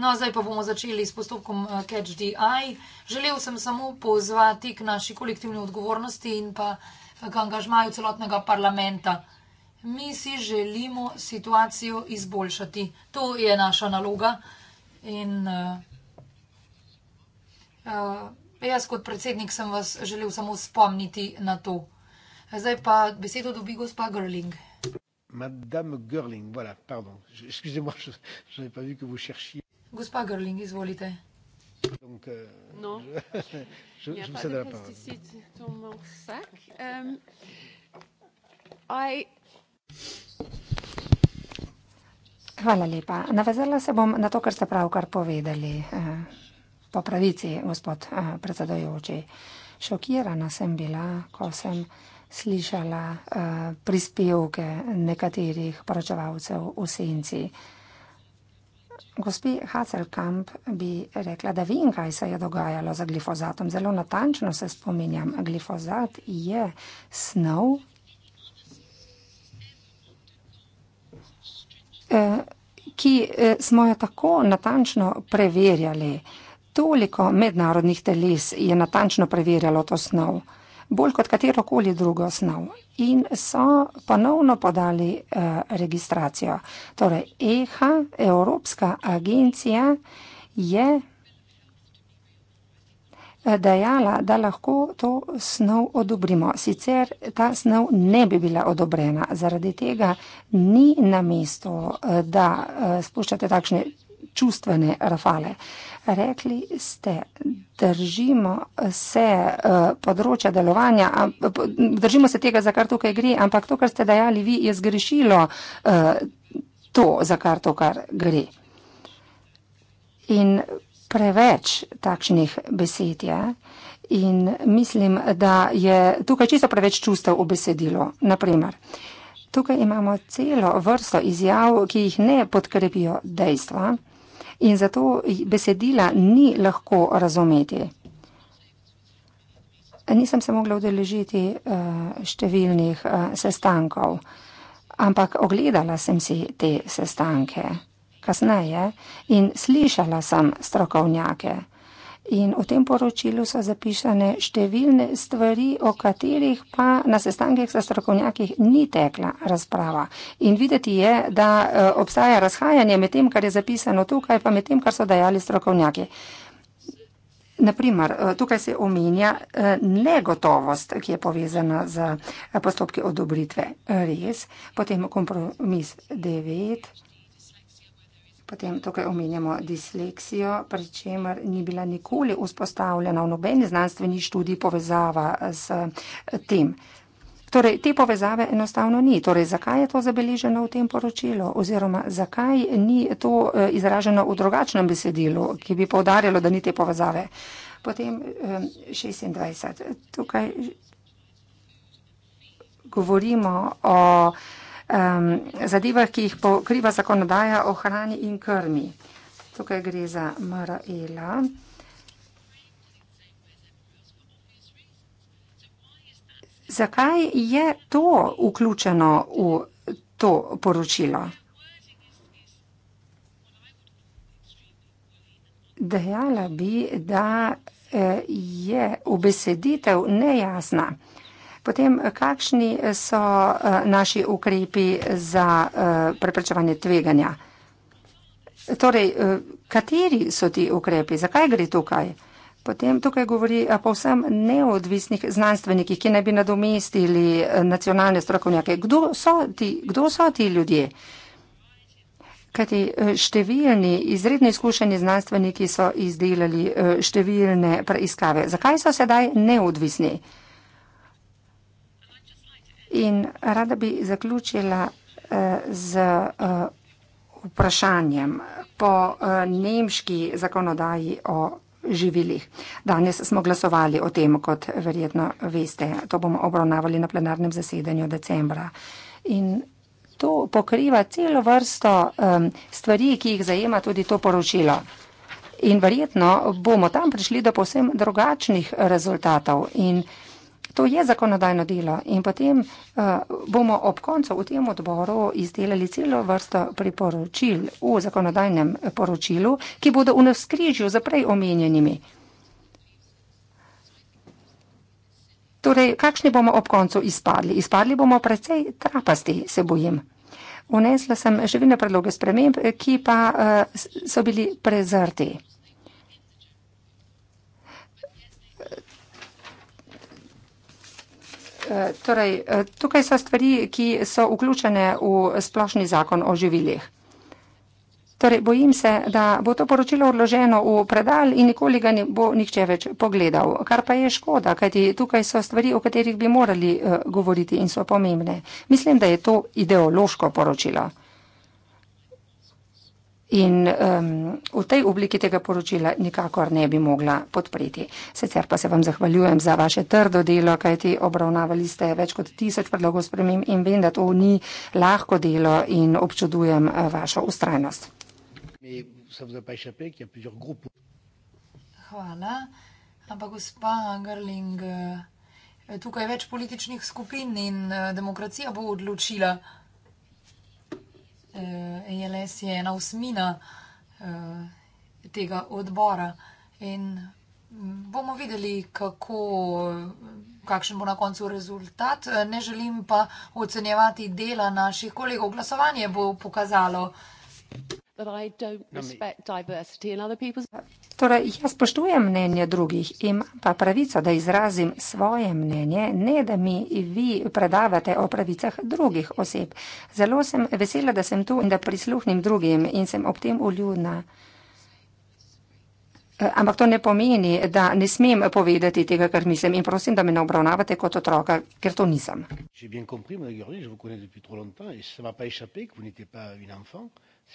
No, zdaj pa bomo začeli s postopkom eh, Catch the Eye. Želel sem samo pozvati k naši kolektivni odgovornosti in pa k angažmaju celotnega parlamenta. Mi si želimo situacijo izboljšati. To je naša naloga. In uh, uh, jaz kot predsednik sem vas želel samo spomniti na to. Zdaj pa besedo dobi gospa Gerling. Madame Gerling, voilà, pardon. Excusez-moi, je, je n'avais pas vu que vous cherchiez. Gospa Grling, izvolite. Donc, euh, non, je, je, ja, je il n'y a pas de pesticides dans mon sac. Um, I... Hvala lepa. Navezala se bom na to, kar ste pravkar povedali. Eh, po pravici, gospod eh, predsedojoči. Šokirana sem bila, ko sem slišala eh, prispevke nekaterih poročevalcev v senci. Gospi Hasselkamp bi rekla, da vem, kaj se je dogajalo za glifozatom. Zelo natančno se spominjam. Glifozat je snov, eh, ki eh, smo jo tako natančno preverjali. Toliko mednarodnih teles je natančno preverjalo to snov bolj kot katerokoli drugo snov. In so ponovno podali eh, registracijo. Torej, EHA, Evropska agencija, je eh, dejala, da lahko to snov odobrimo. Sicer ta snov ne bi bila odobrena. Zaradi tega ni na mestu, eh, da eh, spuščate takšne čustvene rafale. Rekli ste, držimo se eh, področja delovanja, eh, držimo se tega, za kar tukaj gre, ampak to, kar ste dajali vi, je zgrešilo eh, to, za kar to, kar gre. In preveč takšnih besed je. In mislim, da je tukaj čisto preveč čustev v besedilo. Naprimer, tukaj imamo celo vrsto izjav, ki jih ne podkrepijo dejstva in zato besedila ni lahko razumeti. Nisem se mogla udeležiti eh, številnih eh, sestankov, ampak ogledala sem si te sestanke kasneje in slišala sem strokovnjake. In v tem poročilu so zapisane številne stvari, o katerih pa na sestankih s sa strokovnjakih ni tekla razprava. In videti je, da e, obstaja razhajanje med tem, kar je zapisano tukaj, pa med tem, kar so dajali strokovnjaki. Naprimer, e, tukaj se omenja e, negotovost, ki je povezana z postopki odobritve. Res. Potem kompromis 9. Potem tukaj omenjamo disleksijo, pri čemer ni bila nikoli vzpostavljena v nobeni znanstveni študiji povezava s eh, tem. Torej, te povezave enostavno ni. Torej, zakaj je to zabeleženo v tem poročilu oziroma zakaj ni to eh, izraženo v drugačnem besedilu, ki bi povdarjalo, da ni te povezave. Potem 26. Eh, tukaj govorimo o um, zadevah, ki jih pokriva zakonodaja o hrani in krmi. Tukaj gre za MRELA. Zakaj je to vključeno v to poročilo? Dejala bi, da eh, je obeseditev nejasna. Uh, Potem, eh, kakšni eh, so eh, naši ukrepi za preprečevanje tveganja? Torej, kateri so ti ukrepi? Zakaj gre tukaj? Potem tukaj govori povsem neodvisnih znanstvenikih, ki naj bi nadomestili nacionalne strokovnjake. Kdo so ti, kdo so ti ljudje? Kajti številni izredno izkušeni znanstveniki so izdelali številne preiskave. Zakaj so sedaj neodvisni? In rada bi zaključila eh, z eh, vprašanjem po eh, nemški zakonodaji o živilih. Danes smo glasovali o tem, kot verjetno veste. To bomo obravnavali na plenarnem zasedanju decembra. In to pokriva celo vrsto eh, stvari, ki jih zajema tudi to poročilo. In verjetno bomo tam prišli do povsem drugačnih rezultatov. In To je zakonodajno delo in potem uh, bomo ob koncu v tem odboru izdelali celo vrsto priporočil v zakonodajnem poročilu, ki bodo v naskrižju za prej omenjenimi. Torej, kakšni bomo ob koncu izpadli? Izpadli bomo precej trapasti, se bojim. Unesla sem številne predloge sprememb, ki pa uh, so bili prezrti. Eh, torej, eh, tukaj so stvari, ki so vključene v splošni zakon o živilih. Torej, bojim se, da bo to poročilo odloženo v predal in nikoli ga ne bo nihče več pogledal, kar pa je škoda, kajti tukaj so stvari, o katerih bi morali eh, govoriti in so pomembne. Mislim, da je to ideološko poročilo. In um, v tej obliki tega poročila nikakor ne bi mogla podpreti. Sicer pa se vam zahvaljujem za vaše trdo delo, kajti obravnavali ste več kot tisoč predlogov spremem in vem, da to ni lahko delo in občudujem eh, vašo ustrajnost. Hvala. Ampak gospa Angerling, eh, tukaj je več političnih skupin in eh, demokracija bo odločila. Eh, ALS je ena osmina eh, tega odbora in bomo videli, kako, kakšen bo na koncu rezultat. Eh, ne želim pa ocenjevati dela naših kolegov. Glasovanje bo pokazalo. Torej, jaz spoštujem mnenje drugih, imam pa pravico, da izrazim svoje mnenje, ne da mi vi predavate o pravicah drugih oseb. Zelo sem vesela, da sem tu in da prisluhnim drugim in sem ob tem uljudna. Eh, ampak to ne pomeni, da ne smem povedati tega, kar mislim in prosim, da me ne obravnavate kot otroka, ker to nisem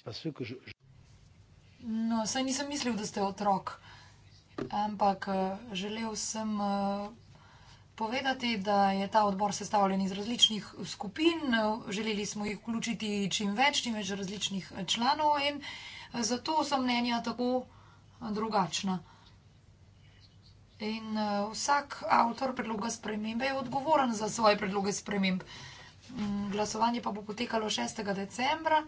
pa vse, ki že. No, saj nisem mislil, da ste otrok, ampak eh, želel sem eh, povedati, da je ta odbor sestavljen iz različnih skupin. Eh, želeli smo jih vključiti čim več, čim več različnih članov in zato so mnenja tako drugačna. In vsak avtor predloga spremembe je odgovoren za svoje predloge sprememb. Mm, glasovanje pa bo potekalo 6. decembra.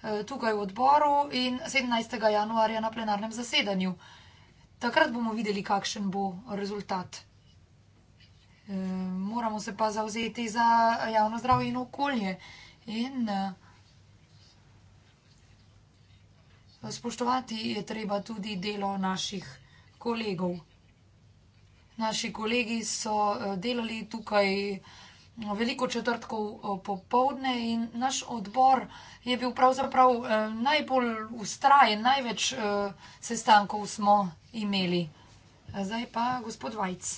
Eh, tukaj v odboru in 17. januarja na plenarnem zasedanju. Takrat bomo videli, kakšen bo rezultat. Eh, moramo se pa zauzeti za javno zdravje in okolje. In eh, spoštovati je treba tudi delo naših kolegov. Naši kolegi so delali tukaj vsega, veliko četrtkov eh, popovdne in naš odbor je bil pravzaprav eh, najbolj ustrajen, največ eh, sestankov smo imeli. Zdaj pa gospod Vajc.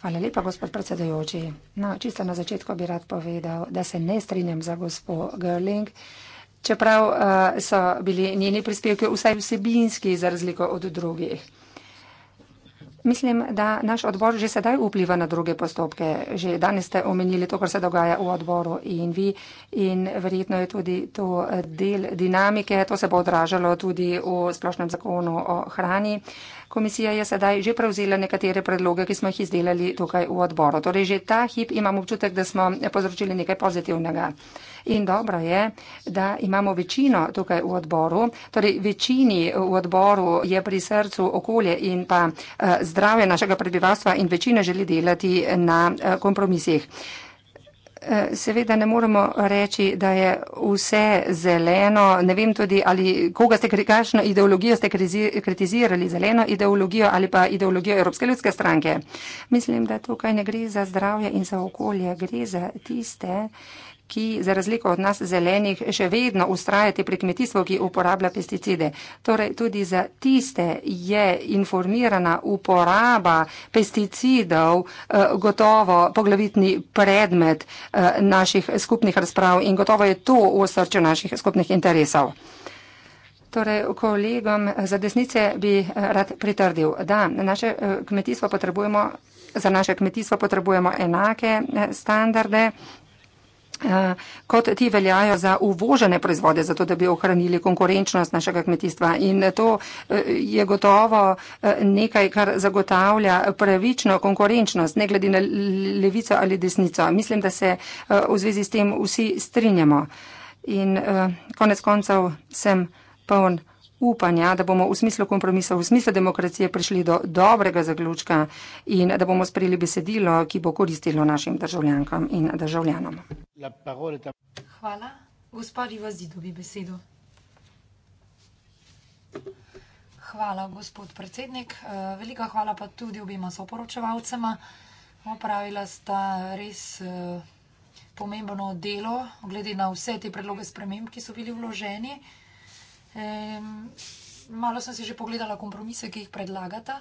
Hvala lepa, gospod predsedajoči. No, čisto na začetku bi rad povedal, da se ne strinjam za gospod Görling, čeprav uh, so bili njeni prispevki vsaj vsebinski za razliko od drugih. Mislim, da naš odbor že sedaj vpliva na druge postopke. Že danes ste omenili to, kar se dogaja v odboru in vi. In verjetno je tudi to del dinamike. To se bo odražalo tudi v splošnem zakonu o hrani. Komisija je sedaj že prevzela nekatere predloge, ki smo jih izdelali tukaj v odboru. Torej, že ta hip imamo občutek, da smo povzročili nekaj pozitivnega. In dobro je, da imamo večino tukaj v odboru. Torej, večini v odboru je pri srcu okolje in pa eh, zdravje našega prebivalstva in večina želi delati na eh, kompromisih. Eh, seveda ne moremo reči, da je vse zeleno. Ne vem tudi, ali koga ste, kakšno ideologijo ste kritizirali, zeleno ideologijo ali pa ideologijo Evropske ljudske stranke. Mislim, da tukaj ne gre za zdravje in za okolje, gre za tiste, ki za razliko od nas zelenih še vedno ustrajate pri kmetijstvu, ki uporablja pesticide. Torej, tudi za tiste je informirana uporaba pesticidov eh, gotovo poglavitni predmet eh, naših skupnih razprav in gotovo je to v srču naših skupnih interesov. Torej, kolegom eh, za desnice bi rad pritrdil, da naše kmetijstvo potrebujemo. Za naše kmetijstvo potrebujemo enake standarde, Eh, kot ti veljajo za uvožene proizvode, zato da bi ohranili konkurenčnost našega kmetijstva. In to eh, je gotovo eh, nekaj, kar zagotavlja pravično konkurenčnost, ne glede na levico ali desnico. Mislim, da se v zvezi s tem vsi strinjamo. In konec koncev sem poln upanja, da bomo v smislu kompromisa, v smislu demokracije prišli do dobrega zaključka in da bomo sprejeli besedilo, ki bo koristilo našim državljankam in državljanom. Hvala. Gospod Ivazi dobi besedo. Hvala, gospod predsednik. Eh, velika hvala pa tudi obima soporočevalcema. Opravila sta res eh, pomembno delo, glede na vse te predloge sprememb, ki so bili vloženi. E, malo sem si že pogledala kompromise, ki jih predlagata.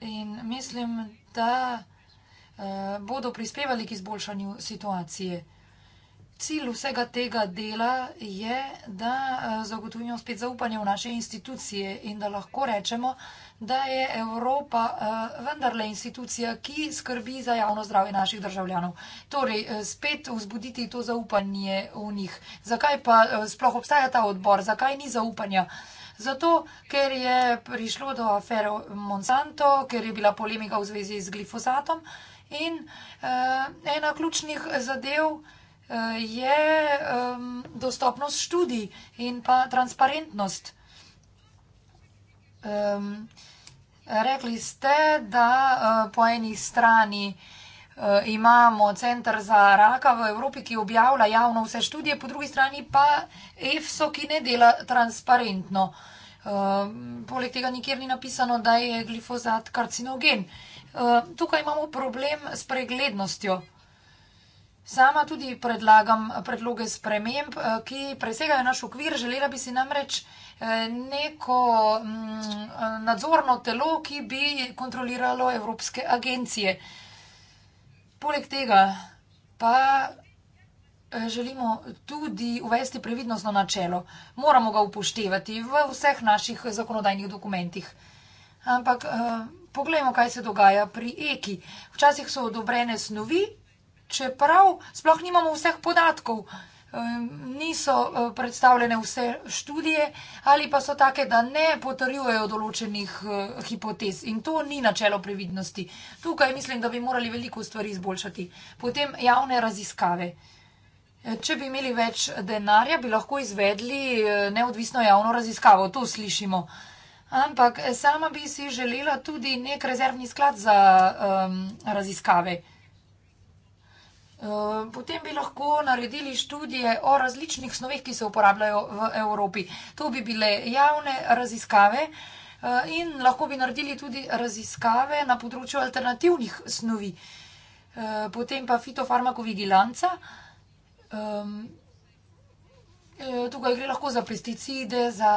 In mislim, da e, bodo prispevali k izboljšanju situacije cilj vsega tega dela je, da eh, zagotovimo spet zaupanje v naše institucije in da lahko rečemo, da je Evropa eh, vendarle institucija, ki skrbi za javno zdravje naših državljanov. Torej, eh, spet vzbuditi to zaupanje v njih. Zakaj pa sploh obstaja ta odbor? Zakaj ni zaupanja? Zato, ker je prišlo do afere Monsanto, ker je bila polemika v zvezi z glifosatom in ena ključnih zadev je, je um, dostopnost študij in pa transparentnost. Um, rekli ste, da uh, po eni strani uh, imamo centr za raka v Evropi, ki objavlja javno vse študije, po drugi strani pa EFSO, ki ne dela transparentno. Uh, poleg tega nikjer ni napisano, da je glifozat karcinogen. Uh, tukaj imamo problem s preglednostjo. Sama tudi predlagam eh, predloge sprememb, eh, ki presegajo naš okvir. Želela bi si namreč eh, neko mm, nadzorno telo, ki bi kontroliralo evropske agencije. Poleg tega pa želimo tudi uvesti previdnostno načelo. Moramo ga upoštevati v vseh naših zakonodajnih dokumentih. Ampak poglejmo, kaj se dogaja pri EKI. Včasih so odobrene snovi, čeprav sploh nimamo vseh podatkov, niso eh, predstavljene vse študije ali pa so take, da ne potrjujejo določenih eh, hipotez in to ni načelo previdnosti. Tukaj mislim, da bi morali veliko stvari izboljšati. Potem javne raziskave. Eh, če bi imeli več denarja, bi lahko izvedli neodvisno javno raziskavo, to slišimo. Ampak sama bi si želela tudi nek rezervni sklad za raziskave. Raziskave. Eh, potem bi lahko naredili študije o različnih snoveh, ki se uporabljajo v Evropi. To bi bile javne raziskave eh, in lahko bi naredili tudi raziskave na področju alternativnih snovi. Eh, potem pa fitofarmakovigilanca. Ehm, tukaj gre lahko za pesticide, za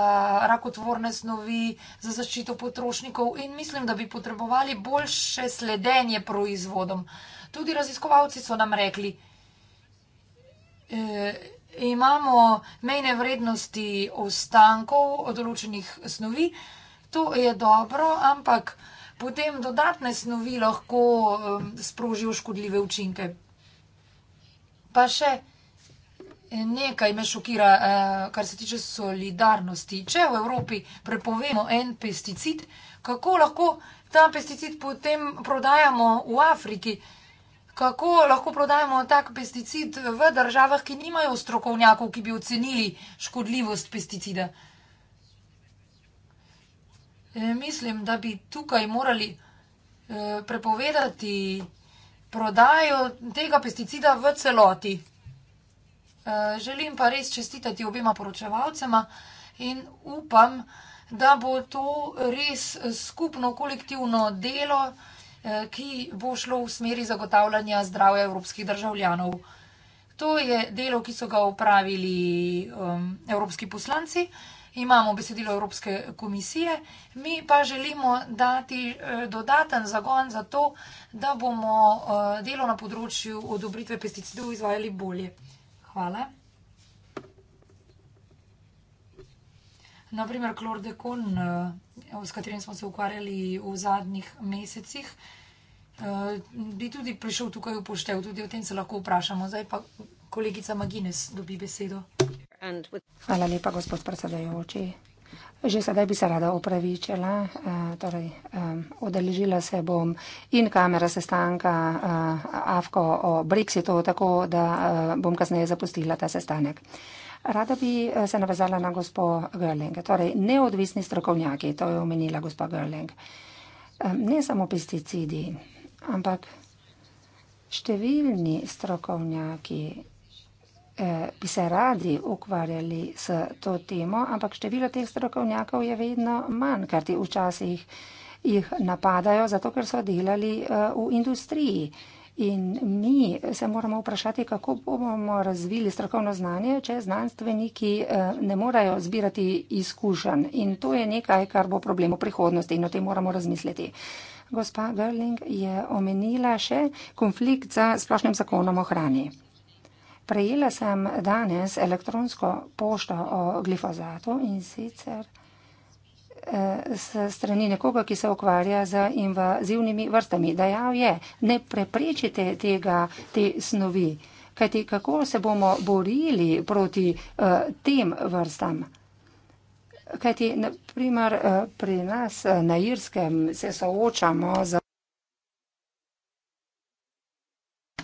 rakotvorne snovi, za zaščito potrošnikov in mislim, da bi potrebovali boljše sledenje proizvodom. Tudi raziskovalci so nam rekli, eh, imamo mejne vrednosti ostankov določenih snovi, to je dobro, ampak potem dodatne snovi lahko eh, sprožijo škodljive učinke. Pa še nekaj me šokira, eh, kar se tiče solidarnosti. Če v Evropi prepovemo en pesticid, kako lahko ta pesticid potem prodajamo v Afriki, kako lahko ta pesticid prodajamo v Afriki, kako lahko prodajemo tak pesticid v državah, ki nimajo strokovnjakov, ki bi ocenili škodljivost pesticida. E, mislim, da bi tukaj morali e, prepovedati prodajo tega pesticida v celoti. E, želim pa res čestitati obima poročevalcema in upam, da bo to res skupno kolektivno delo. Eh, ki bo šlo v smeri zagotavljanja zdravja evropskih državljanov. To je delo, ki so ga upravili um, evropski poslanci, imamo besedilo Evropske komisije, mi pa želimo dati eh, dodaten zagon za to, da bomo uh, delo na področju odobritve pesticidov izvajali bolje. Hvala. Naprimer, klordekon, eh, s katerim smo se ukvarjali v zadnjih mesecih, eh, bi tudi prišel tukaj v poštev, tudi o tem se lahko vprašamo. Zdaj pa kolegica Magines dobi besedo. Hvala lepa, gospod predsedajoči. Že sedaj bi se rada upravičila, eh, torej odeležila se bom in kamera sestanka AFKO o Brexitu, tako da bom kasneje zapustila ta sestanek. Rada bi eh, se navezala na gospo Görling. Torej, neodvisni strokovnjaki, to je omenila gospa Görling. Ne samo pesticidi, ampak številni strokovnjaki eh, bi se radi ukvarjali s to temo, ampak število teh strokovnjakov je vedno manj, ker ti včasih jih napadajo, zato ker so delali eh, v industriji. In mi se moramo vprašati, kako bomo razvili strokovno znanje, če znanstveniki eh, ne morejo zbirati izkušenj. In to je nekaj, kar bo problem v prihodnosti in o tem moramo razmisliti. Gospa Gerling je omenila še konflikt za splošnim zakonom o hrani. Prejela sem danes elektronsko pošto o glifozatu in sicer s strani nekoga, ki se ukvarja z invazivnimi vrstami. Dejal je, ne preprečite tega, te snovi, kajti kako se bomo borili proti uh, tem vrstam. Kajti, naprimer, eh, pri nas eh, na Irskem se soočamo z.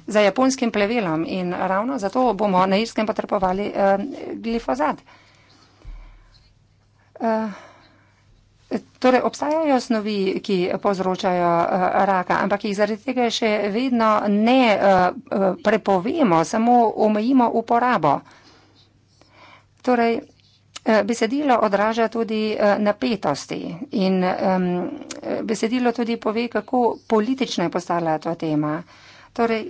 Za japonskim plevelom in ravno zato bomo na Irskem potrebovali eh, glifozat. Eh, Torej, obstajajo snovi, ki povzročajo eh, raka, ampak jih zaradi tega še vedno ne eh, eh, prepovemo, samo omejimo uporabo. Torej, besedilo odraža tudi napetosti in besedilo tudi pove, kako politična je postala ta tema. Torej,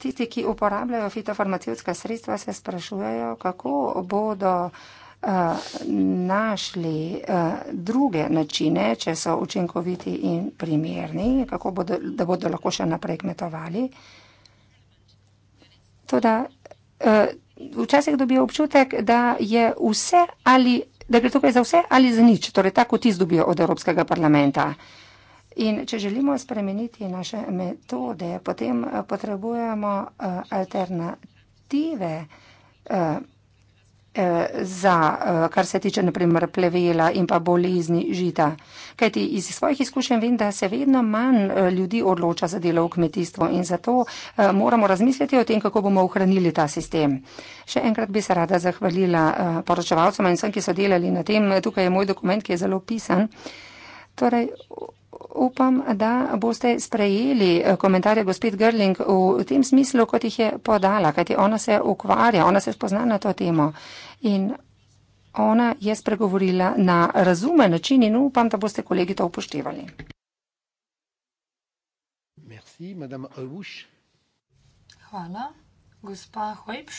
tisti, ki uporabljajo fitofarmacijska sredstva, se sprašujejo, kako bodo. Eh, našli uh, druge načine, če so učinkoviti in primerni, bodo, da bodo lahko še naprej kmetovali. Toda uh, včasih dobijo občutek, da je vse ali, da gre tukaj za vse ali za nič, torej tako tis dobijo od Evropskega parlamenta. In če želimo spremeniti naše metode, potem potrebujemo uh, alternative. Uh, Eh, za, eh, kar se tiče naprimer plevela in pa bolezni žita. Kajti iz svojih izkušenj vem, da se vedno manj eh, ljudi odloča za delo v kmetijstvu in zato moramo razmisliti o tem, kako bomo ohranili ta sistem. Še enkrat bi se rada zahvalila poročevalcem in vsem, ki so delali na tem. Tukaj je moj dokument, ki je zelo pisan. Torej, upam, da boste sprejeli eh, komentarje gospod Gerling v tem smislu, kot jih je podala, kajti ona se ukvarja, ona se spozna na to temo. In ona je spregovorila na razumen način in upam, da boste kolegi to upoštevali. Merci, Hvala gospa Hojbš.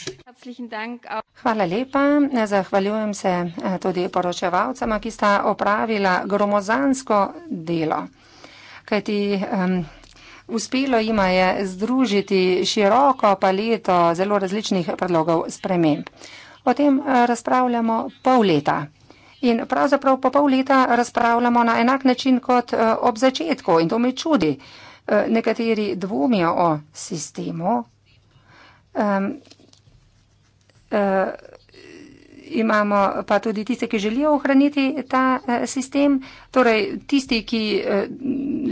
Hvala lepa. Zahvaljujem se eh, tudi poročevalcama, ki sta opravila gromozansko delo. Kajti um, uspelo jima je združiti široko paleto zelo različnih predlogov sprememb. O tem eh, razpravljamo pol leta. In pravzaprav po pol leta razpravljamo na enak način kot eh, ob začetku. In to me čudi. Nekateri dvomijo o sistemu, Um, uh, imamo pa tudi tiste, ki želijo ohraniti ta uh, sistem. Torej, tisti, ki uh,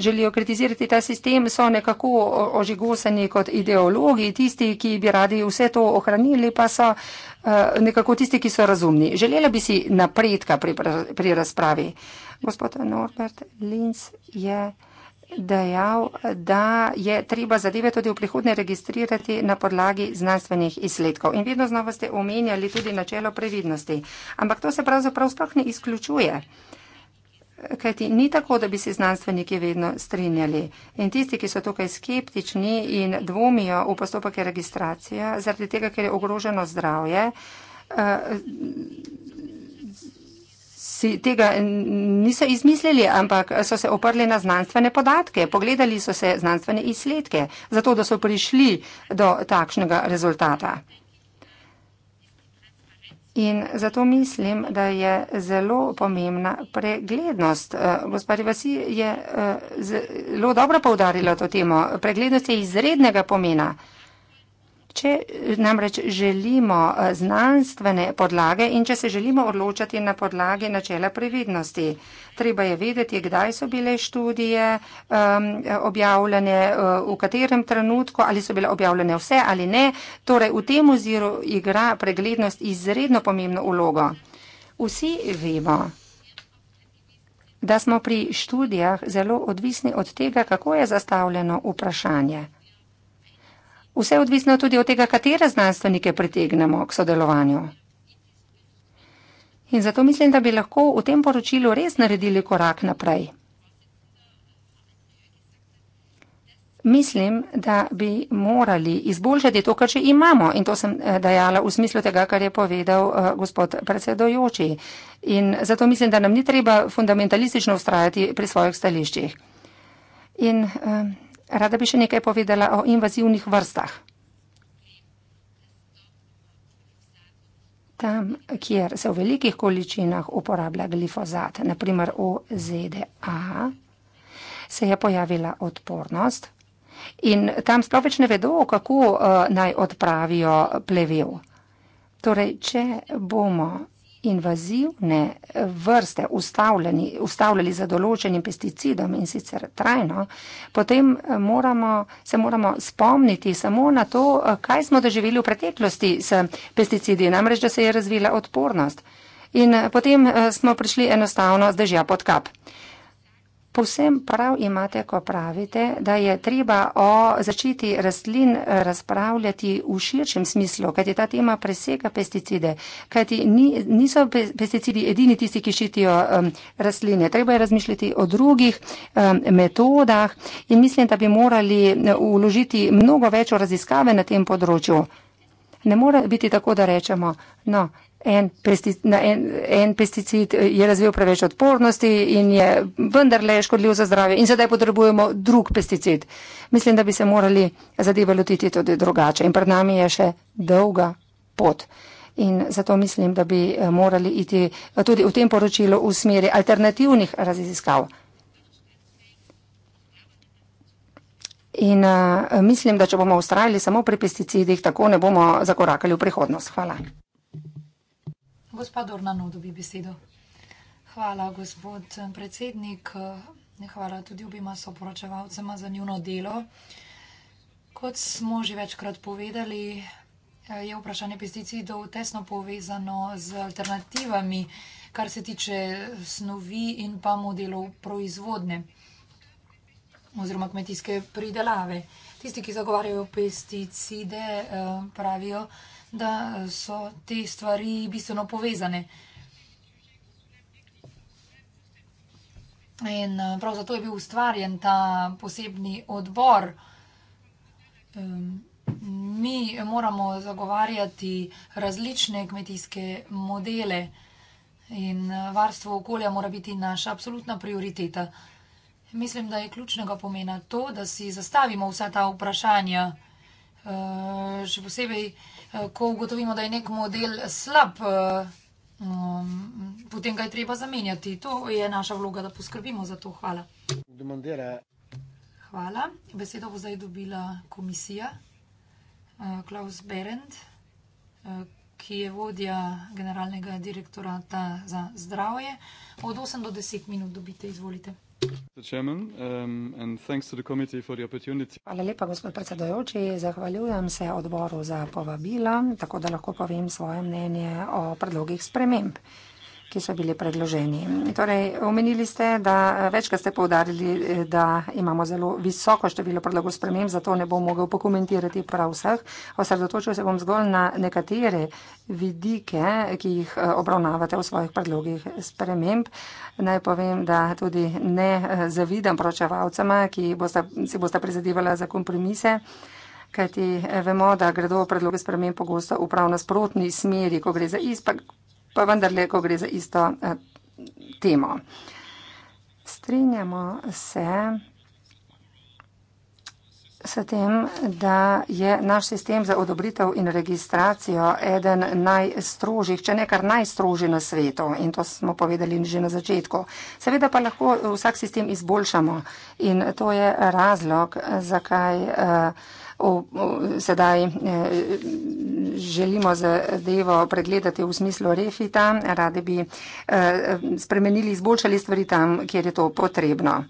želijo kritizirati ta sistem, so nekako ožigoseni kot ideologi. Tisti, ki bi radi vse to ohranili, pa so uh, nekako tisti, ki so razumni. Želela bi si napredka pri, pri razpravi. Gospod Norbert Linz je. Yeah dejal, da je treba zadeve tudi v prihodnje registrirati na podlagi znanstvenih izsledkov. In vedno znova ste omenjali tudi načelo previdnosti. Ampak to se pravzaprav sploh ne izključuje. Kajti ni tako, da bi se znanstveniki vedno strinjali. In tisti, ki so tukaj skeptični in dvomijo v postopek registracije, zaradi tega, ker je ogroženo zdravje, eh, si tega niso izmislili, ampak so se oprli na znanstvene podatke, pogledali so se znanstvene izsledke, zato da so prišli do takšnega rezultata. In zato mislim, da je zelo pomembna preglednost. Eh, Gospodi Vasi je eh, zelo dobro povdarila to temo. Preglednost je izrednega pomena če namreč želimo eh, znanstvene podlage in če se želimo odločati na podlagi načela previdnosti. Treba je vedeti, kdaj so bile študije um, objavljene, eh, v katerem trenutku, ali so bile objavljene vse ali ne. Torej, v tem oziru igra preglednost izredno pomembno ulogo. Vsi vemo, da smo pri študijah zelo odvisni od tega, kako je zastavljeno vprašanje. Vse je odvisno tudi od tega, katere znanstvenike pritegnemo k sodelovanju. In zato mislim, da bi lahko v tem poročilu res naredili korak naprej. Mislim, da bi morali izboljšati to, kar že imamo in to sem eh, dejala v smislu tega, kar je povedal eh, gospod predsedojoči. In zato mislim, da nam ni treba fundamentalistično ustrajati pri svojih stališčih. In, um, Rada bi še nekaj povedala o invazivnih vrstah. Tam, kjer se v velikih količinah uporablja glifozat, naprimer v ZDA, se je pojavila odpornost in tam sploh več ne vedo, kako eh, naj odpravijo plevel. Torej, če bomo invazivne eh, vrste ustavljali, ustavljali za določenim pesticidom in sicer trajno, potem eh, moramo, se moramo spomniti samo na to, eh, kaj smo doživeli v preteklosti s pesticidi, namreč, da se je razvila odpornost. In potem smo prišli enostavno z dežja pod kap. Povsem prav imate, ko pravite, da je treba o začiti rastlin razpravljati v širšem smislu, kajti ta tema presega pesticide, kajti ni, niso pesticidi edini tisti, ki ščitijo um, rastline. Treba je razmišljati o drugih um, metodah in mislim, da bi morali uložiti um, mnogo več v raziskave na tem področju. Ne more biti tako, da rečemo, no, en, pesticid, na en, en pesticid eh, je razvil preveč odpornosti in je vendarle škodljiv za zdravje in sedaj potrebujemo drug pesticid. Mislim, da bi se morali zadeve lotiti tudi drugače in pred nami je še dolga pot. In zato mislim, da bi eh, morali iti eh, tudi v tem poročilu v smeri alternativnih raziskav. In uh, mislim, da če bomo ustrajali samo pri pesticidih, tako ne bomo zakorakali v prihodnost. Hvala. Gospod Dornano, dobi besedo. Hvala, gospod eh, predsednik. Eh, hvala tudi obima soporočevalcema za njuno delo. Kot smo že večkrat povedali, eh, je vprašanje pesticidov tesno povezano z alternativami, kar se tiče snovi in pa modelov proizvodne oziroma kmetijske pridelave. Tisti, ki zagovarjajo pesticide, pravijo, da da so te stvari bistveno povezane. In eh, prav zato je bil ustvarjen ta posebni odbor. Mi moramo zagovarjati različne kmetijske modele in eh, varstvo okolja mora biti naša absolutna prioriteta. Mislim, da je ključnega pomena to, da si zastavimo vsa ta vprašanja, eh, še posebej vprašanja, Eh, ko ugotovimo, da je nek model slab, eh, um, potem ga je treba zamenjati. To je naša vloga, da poskrbimo za to. Hvala. Hvala. Besedo bo zdaj dobila komisija eh, Klaus Berend, ki je vodja generalnega direktorata za zdravje. Od 8 do 10 minut dobite, izvolite. Um, Hvala lepa, gospod predsedojoči. Zahvaljujem se odboru za povabila, tako da lahko povem svoje mnenje o predlogih sprememb ki so bili predloženi. Torej, omenili ste, da večkrat ste povdarili, da imamo zelo visoko število predlogov sprememb, zato ne bom mogel pokomentirati prav vseh. Osredotočil se bom zgolj na nekatere vidike, ki jih obravnavate v svojih predlogih sprememb. Naj povem, da tudi ne zavidam pročevalcema, ki boste, si boste prizadevala za kompromise. Kajti vemo, da gredo predloge spremem pogosto v prav nasprotni smeri, ko gre za izpak pa vendarle, ko gre za isto eh, temo. Strinjamo se s tem, da je naš sistem za odobritev in registracijo eden najstrožjih, če ne kar najstrožji na svetu. In to smo povedali že na začetku. Seveda pa lahko vsak sistem izboljšamo. In to je razlog, zakaj. Eh, sedaj eh, želimo zadevo pregledati v smislu refita, radi bi eh, spremenili, izboljšali stvari tam, kjer je to potrebno.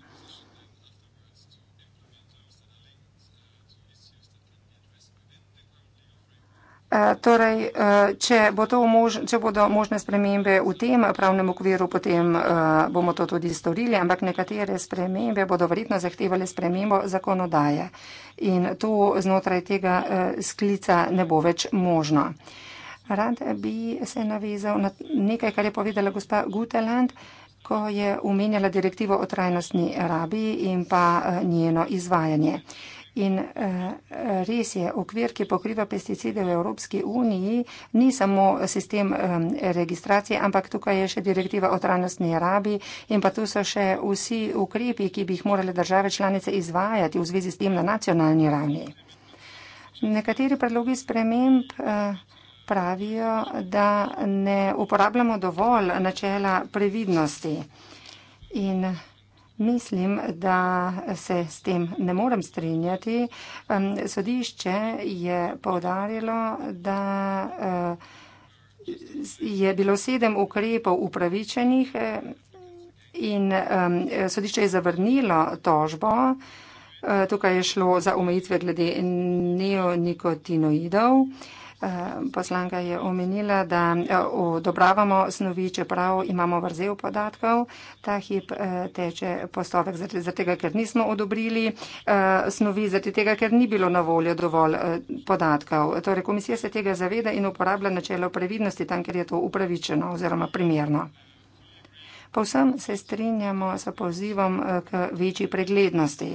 Eh, torej, eh, če, bo to mož, če bodo možne spremembe v tem pravnem okviru, potem uh, bomo to tudi storili, ampak nekatere spremembe bodo verjetno zahtevali spremembo zakonodaje in to znotraj tega uh, sklica ne bo več možno. Rad bi se navezal na nekaj, kar je povedala gospa Guteland, ko je umenjala direktivo o trajnostni rabi in pa uh, njeno izvajanje. Uh, In eh, res je, okvir, ki pokriva pesticide v Evropski uniji, ni samo sistem registracije, ampak tukaj je še direktiva o trajnostni rabi in pa tu so še vsi ukrepi, ki bi jih morale države članice izvajati v zvezi s tem na nacionalni ravni. Nekateri predlogi sprememb eh, pravijo, da ne uporabljamo dovolj načela previdnosti. In Mislim, da se s tem ne morem strinjati. Sodišče je povdarjalo, da eh, je bilo sedem ukrepov upravičenih eh, in sodišče je zavrnilo tožbo. Eh, tukaj je šlo za omejitve glede neonikotinoidov. Eh, poslanka je omenila, da eh, odobravamo snovi, čeprav imamo vrzel podatkov, ta hip eh, teče postopek, zaradi tega, ker nismo odobrili snovi, zaradi tega, ker ni bilo na voljo dovolj podatkov. Torej, komisija se tega zaveda in uporablja načelo previdnosti tam, ker je to upravičeno oziroma primerno. Povsem se strinjamo s pozivom k večji preglednosti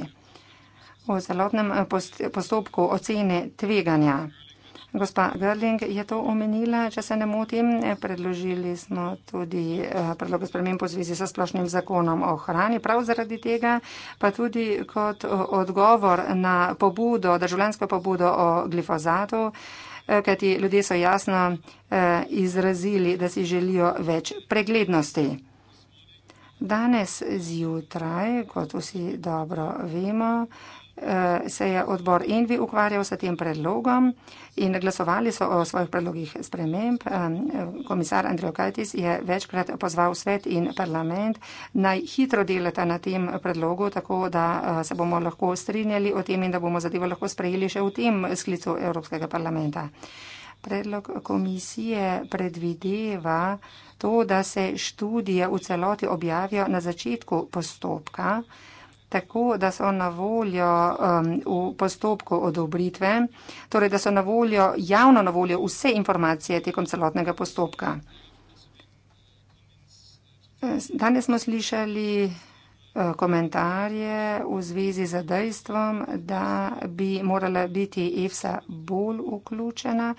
v celotnem postopku ocene tveganja. Gospa Gerling je to omenila, če se ne motim, predložili smo tudi eh, predlog spremem po zvezi sa splošnim zakonom o hrani. Prav zaradi tega pa tudi kot eh, odgovor na pobudo, državljansko pobudo o glifozatu, eh, kajti ljudje so jasno izrazili, da si želijo več preglednosti. Danes zjutraj, kot vsi dobro vemo, se je odbor Envi ukvarjal s tem predlogom in glasovali so o svojih predlogih sprememb. Komisar Andrej Kajtis je večkrat pozval svet in parlament naj hitro delata na tem predlogu, tako da eh, se bomo lahko strinjali o tem in da bomo zadevo lahko sprejeli še v tem sklicu Evropskega parlamenta. Predlog komisije predvideva to, da se študije v celoti objavijo na začetku postopka tako, da so na voljo um, v postopku odobritve, torej da so na voljo, javno na voljo vse informacije tekom celotnega postopka. Danes smo slišali uh, komentarje v zvezi z dejstvom, da bi morala biti EFSA bolj vključena,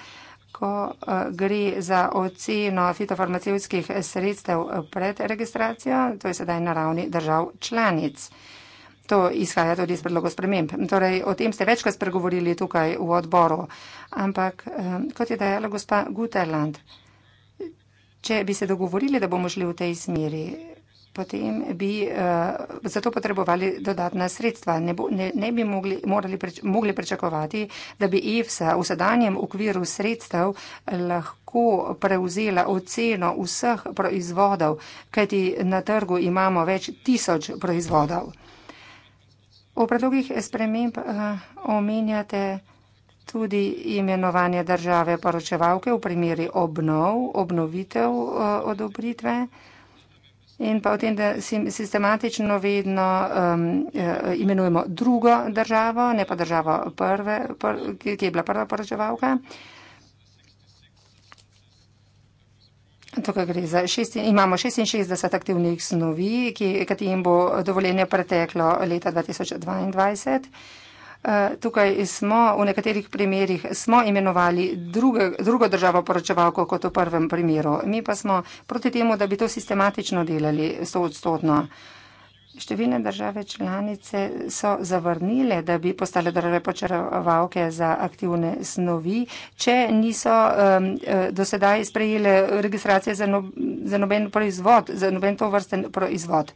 ko uh, gre za oceno fitofarmacevskih sredstev pred registracijo, to je sedaj na ravni držav članic. To izhaja tudi iz predlogov sprememb. Torej, o tem ste večkrat spregovorili tukaj v odboru. Ampak, eh, kot je dejala gospa Guterland, če bi se dogovorili, da bomo šli v tej smeri, potem bi uh, eh, zato potrebovali dodatna sredstva. Ne, bo, ne, ne bi mogli, morali preč, mogli pričakovati, da bi EFSA v sedanjem okviru sredstev lahko prevzela oceno vseh proizvodov, kajti na trgu imamo več tisoč proizvodov. V predlogih sprememb eh, omenjate tudi imenovanje države poročevalke v primeri obnov, obnovitev eh, odobritve in pa o tem, da sistematično vedno eh, imenujemo drugo državo, ne pa državo, ki je bila prva poročevalka. Tukaj gre za šest, imamo 66 aktivnih snovi, ki, katerim bo dovoljenje preteklo leta 2022. Eh, tukaj smo v nekaterih primerjih smo imenovali druge, drugo državo poročevalko kot v prvem primeru. Mi pa smo proti temu, da bi to sistematično delali, stoodstotno. Številne države članice so zavrnile, da bi postale države počarovalke za aktivne snovi, če niso um, eh, dosedaj sprejele registracije za, no, za noben proizvod, za noben to vrsten proizvod.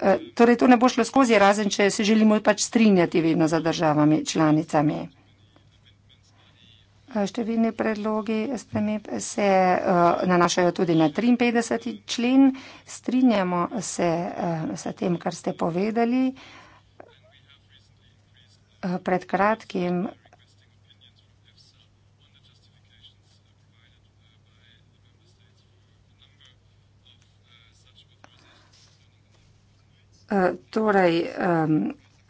Eh, torej, to ne bo šlo skozi, razen če se želimo pač strinjati vedno za državami članicami. Eh, številni predlogi sprememb se eh, nanašajo tudi na 53. člen. Strinjamo se eh, s tem, kar ste povedali. Pred kratkim torej,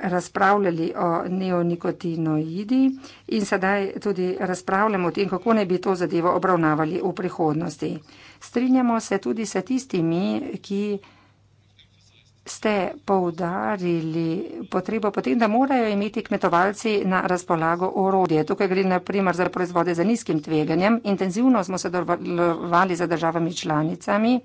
razpravljali o neonikotinoidi in sedaj tudi razpravljamo o tem, kako naj bi to zadevo obravnavali v prihodnosti. Strinjamo se tudi s tistimi, ki ste poudarili potrebo potem, da morajo imeti kmetovalci na razpolago orodje. Tukaj gre naprimer za proizvode za nizkim tveganjem. Intenzivno smo sodelovali z državami članicami.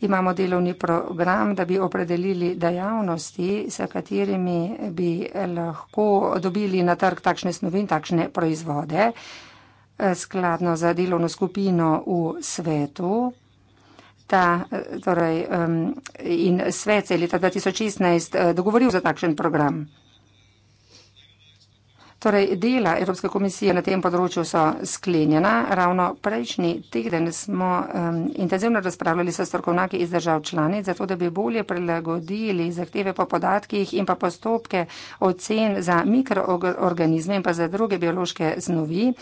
Imamo delovni program, da bi opredelili dejavnosti, s katerimi bi lahko dobili na trg takšne snovi in takšne proizvode, skladno za delovno skupino v svetu. Ta, torej, um, in svet se je leta 2016 eh, dogovoril za takšen program. Torej, dela Evropske komisije na tem področju so sklenjena. Ravno prejšnji teden smo um, intenzivno razpravljali s strokovnjaki iz držav članic, zato da bi bolje prilagodili zahteve po podatkih in pa postopke ocen za mikroorganizme in pa za druge biološke snovi.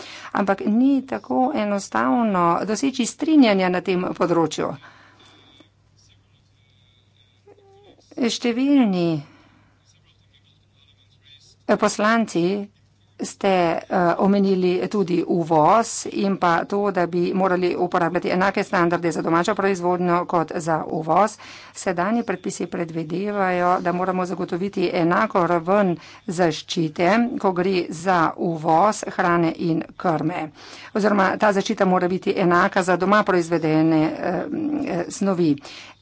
Ampak ni tako enostavno doseči strinjanja na tem področju. Številni eh, poslanci ste uh, omenili tudi uvoz in pa to, da bi morali uporabljati enake standarde za domačo proizvodnjo kot za uvoz. Sedanji predpisi predvidevajo, da moramo zagotoviti enako raven zaščite, ko gre za uvoz hrane in krme. Oziroma, ta zaščita mora biti enaka za doma proizvedene uh, snovi.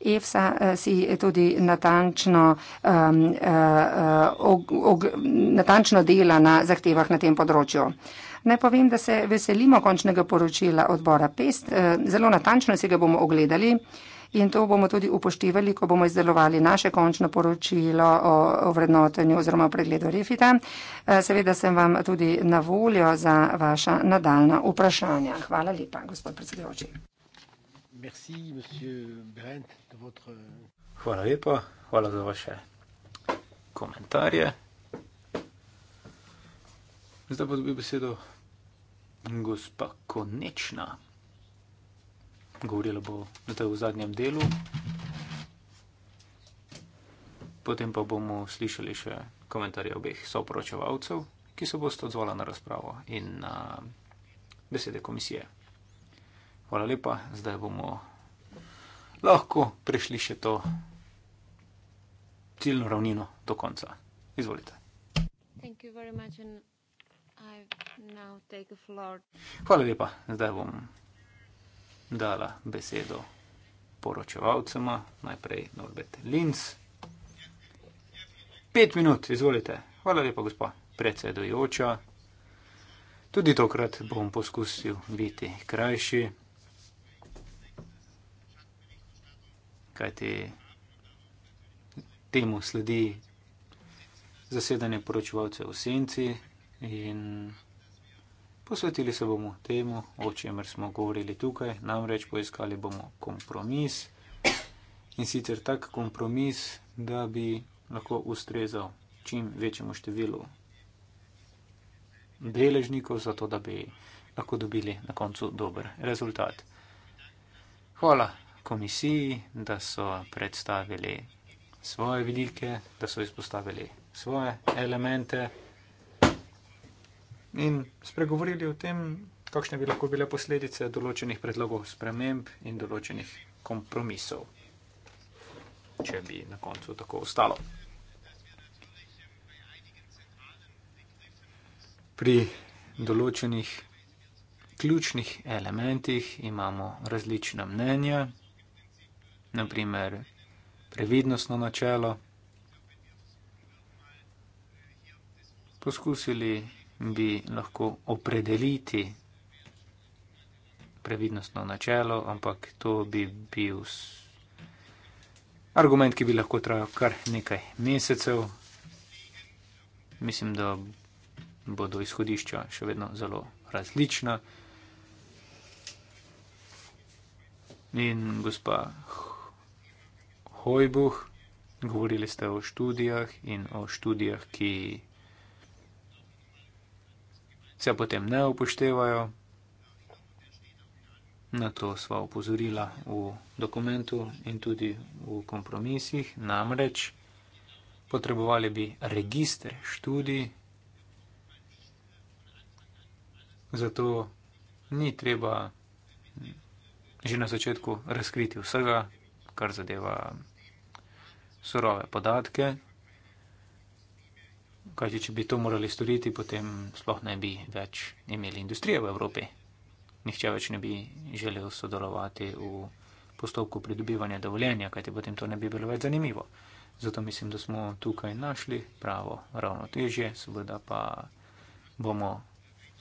EFSA si tudi natančno, um, uh, og, natančno dela na zahtevah državah na tem področju. Naj povem, da se veselimo končnega poročila odbora PEST, eh, zelo natančno si ga bomo ogledali in to bomo tudi upoštevali, ko bomo izdelovali naše končno poročilo o vrednotenju oziroma pregledu Refita. Eh, seveda sem vam tudi na voljo za vaša nadaljna vprašanja. Hvala lepa, gospod predsedujoči. Hvala lepa, hvala za vaše komentarje. Zdaj pa dobi besedo gospa Konečna. Govorila bo zdaj v zadnjem delu. Potem pa bomo slišali še komentarje obeh soporočevalcev, ki se boste odzvali na razpravo in na besede komisije. Hvala lepa, zdaj bomo lahko prešli še to ciljno ravnino do konca. Izvolite. Thank you very much. And Hvala lepa. Zdaj bom dala besedo poročevalcema, najprej Norbert Linz. Pet minut, izvolite. Hvala lepa, gospa predsedujoča. Tudi tokrat bom poskusil biti krajši. Kajti temu sledi zasedanje poročevalcev v senci, in posvetili se bomo temu, o čemer smo govorili tukaj, namreč poiskali bomo kompromis in sicer tak kompromis, da bi lahko ustrezal čim večjemu številu deležnikov, zato da bi lahko dobili na koncu dober rezultat. Hvala komisiji, da so predstavili svoje vidike, da so izpostavili svoje elemente in spregovorili o tem, kakšne bi lahko bile posledice določenih predlogov sprememb in določenih kompromisov, če bi na koncu tako ostalo. Pri določenih ključnih elementih imamo različna mnenja, naprimer previdnostno načelo. Poskusili bi lahko opredeliti previdnostno načelo, ampak to bi bil argument, ki bi lahko trajal kar nekaj mesecev. Mislim, da bodo izhodišča še vedno zelo različna. In gospa Hojbuh, govorili ste o študijah in o študijah, ki se potem ne upoštevajo. Na to sva upozorila v dokumentu in tudi v kompromisih. Namreč potrebovali bi registr študij, zato ni treba že na začetku razkriti vsega, kar zadeva surove podatke, kajti če bi to morali storiti, potem sploh ne bi več imeli industrije v Evropi. Nihče več ne bi želel sodelovati v postopku pridobivanja dovoljenja, kajti potem to ne bi bilo več zanimivo. Zato mislim, da smo tukaj našli pravo ravnotežje, seveda pa bomo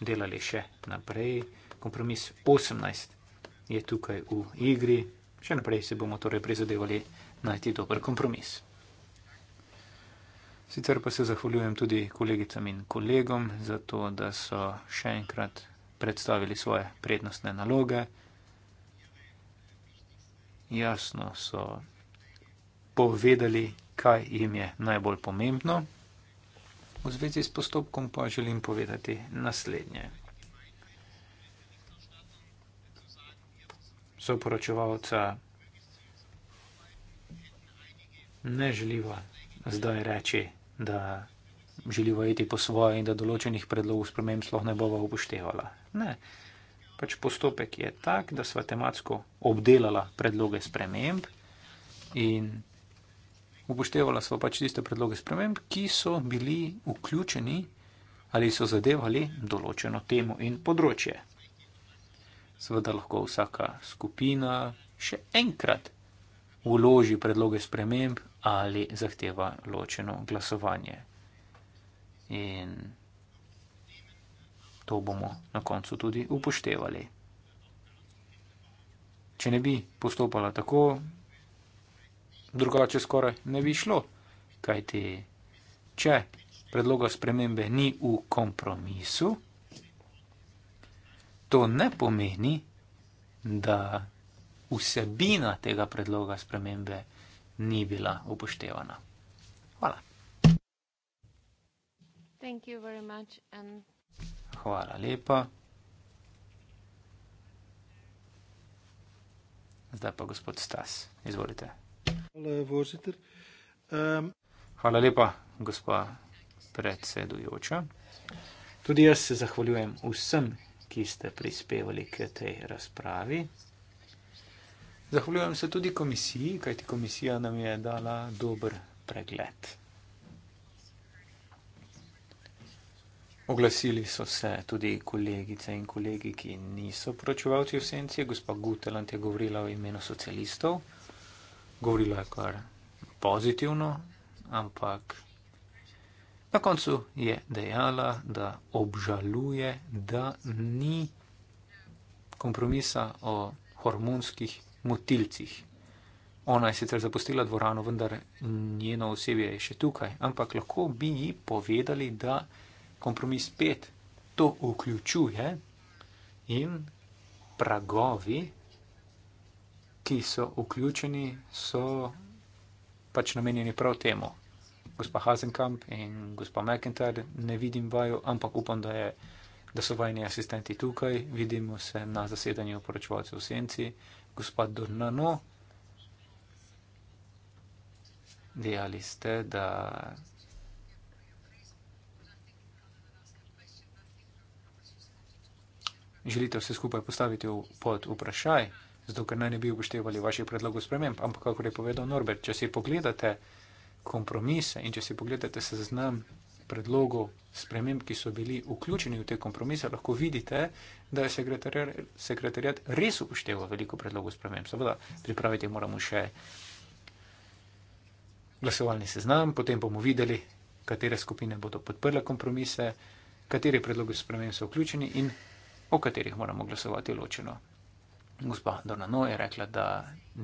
delali še naprej. Kompromis 18 je tukaj v igri, še naprej se bomo torej prizadevali najti dober kompromis. Sicer pa se zahvaljujem tudi kolegicam in kolegom za to, da so še enkrat predstavili svoje prednostne naloge. Jasno so povedali, kaj jim je najbolj pomembno. V zvezi s postopkom pa želim povedati naslednje. Soporočevalca ne želiva zdaj reči, da želimo iti po svoje in da določenih predlogov sprememb sploh ne bova upoštevala. Ne. Pač postopek je tak, da sva tematsko obdelala predloge sprememb in upoštevala sva pač tiste predloge sprememb, ki so bili vključeni ali so zadevali določeno temo in področje. Sveda lahko vsaka skupina še enkrat uloži predloge sprememb ali zahteva ločeno glasovanje. In to bomo na koncu tudi upoštevali. Če ne bi postopala tako, drugače skoraj ne bi šlo, kajti če predloga spremembe ni v kompromisu, to ne pomeni, da vsebina tega predloga spremembe ni bila upoštevana. Hvala. Hvala lepa. Zdaj pa gospod Stas, izvolite. Hvala, um, Hvala lepa, gospa predsedujoča. Tudi jaz se zahvaljujem vsem, ki ste prispevali k tej razpravi. Zahvaljujem se tudi komisiji, kajti komisija nam je dala dober pregled. Oglasili so se tudi kolegice in kolegi, ki niso poročevalci v senci. Gospa Guteland je govorila v imenu socialistov. Govorila je kar pozitivno, ampak na koncu je dejala, da obžaluje, da ni kompromisa o hormonskih motilcih. Ona je sicer zapustila dvorano, vendar njeno osebje je še tukaj, ampak lahko bi ji povedali, da kompromis pet to vključuje in pragovi, ki so vključeni, so pač namenjeni prav temu. Gospa Hazenkamp in gospa McIntyre ne vidim vaju, ampak upam, da, je, da so vajni asistenti tukaj. Vidimo se na zasedanju poročevalcev v senci. Gospod Donano, dejali ste, da želite vse skupaj postaviti pod vprašaj, zato ker naj ne bi upoštevali vaših predlogov sprememb. Ampak, kako je povedal Norbert, če si pogledate kompromise in če si pogledate seznam predlogov sprememb, ki so bili vključeni v te kompromise, lahko vidite, da je sekretarjat res upošteval veliko predlogov sprememb. Seveda, pripraviti moramo še glasovalni seznam, potem bomo videli, katere skupine bodo podprle kompromise, kateri predlogi sprememb so vključeni in o katerih moramo glasovati ločeno. Gospa Dornano je rekla, da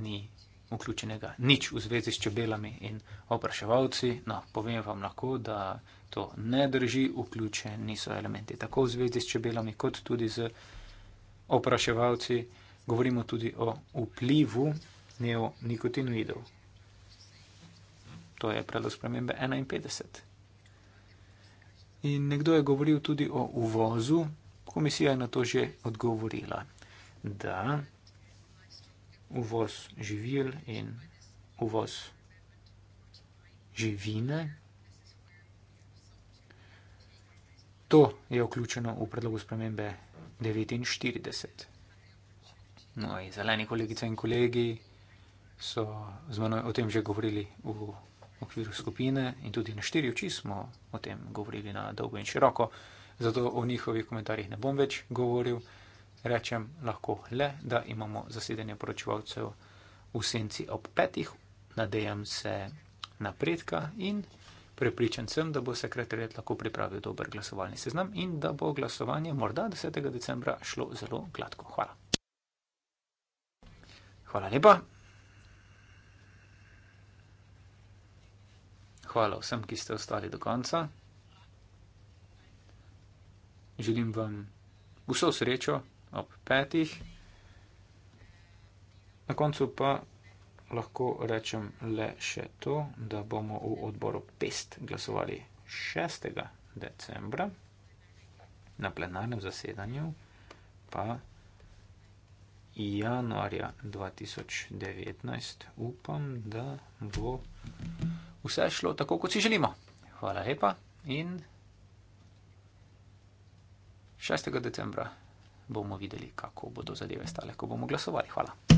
ni vključenega nič v zvezi s čebelami in opraševalci. No, povem vam lahko, da to ne drži, vključeni so elementi tako v zvezi s čebelami, kot tudi z opraševalci. Govorimo tudi o vplivu neonikotinoidov. To je predlog spremembe 51. In nekdo je govoril tudi o uvozu, komisija je na to že odgovorila, da uvoz živil in uvoz živine. To je vključeno v predlogu spremembe 49. Moji no, zeleni kolegice in kolegi so z menoj o tem že govorili v okviru skupine in tudi na štiri oči smo o tem govorili na dolgo in široko, zato o njihovih komentarjih ne bom več govoril rečem lahko le, da imamo zasedanje poročevalcev v senci ob petih, nadejam se napredka in prepričan sem, da bo sekretarjet lahko pripravil dober glasovalni seznam in da bo glasovanje morda 10. decembra šlo zelo gladko. Hvala. Hvala lepa. Hvala vsem, ki ste ostali do konca. Želim vam vso srečo ob petih. Na koncu pa lahko rečem le še to, da bomo v odboru PEST glasovali 6. decembra na plenarnem zasedanju, pa januarja 2019 upam, da bo vse šlo tako, kot si želimo. Hvala lepa in 6. decembra bomo videli, kako bodo zadeve stale, ko bomo glasovali. Hvala.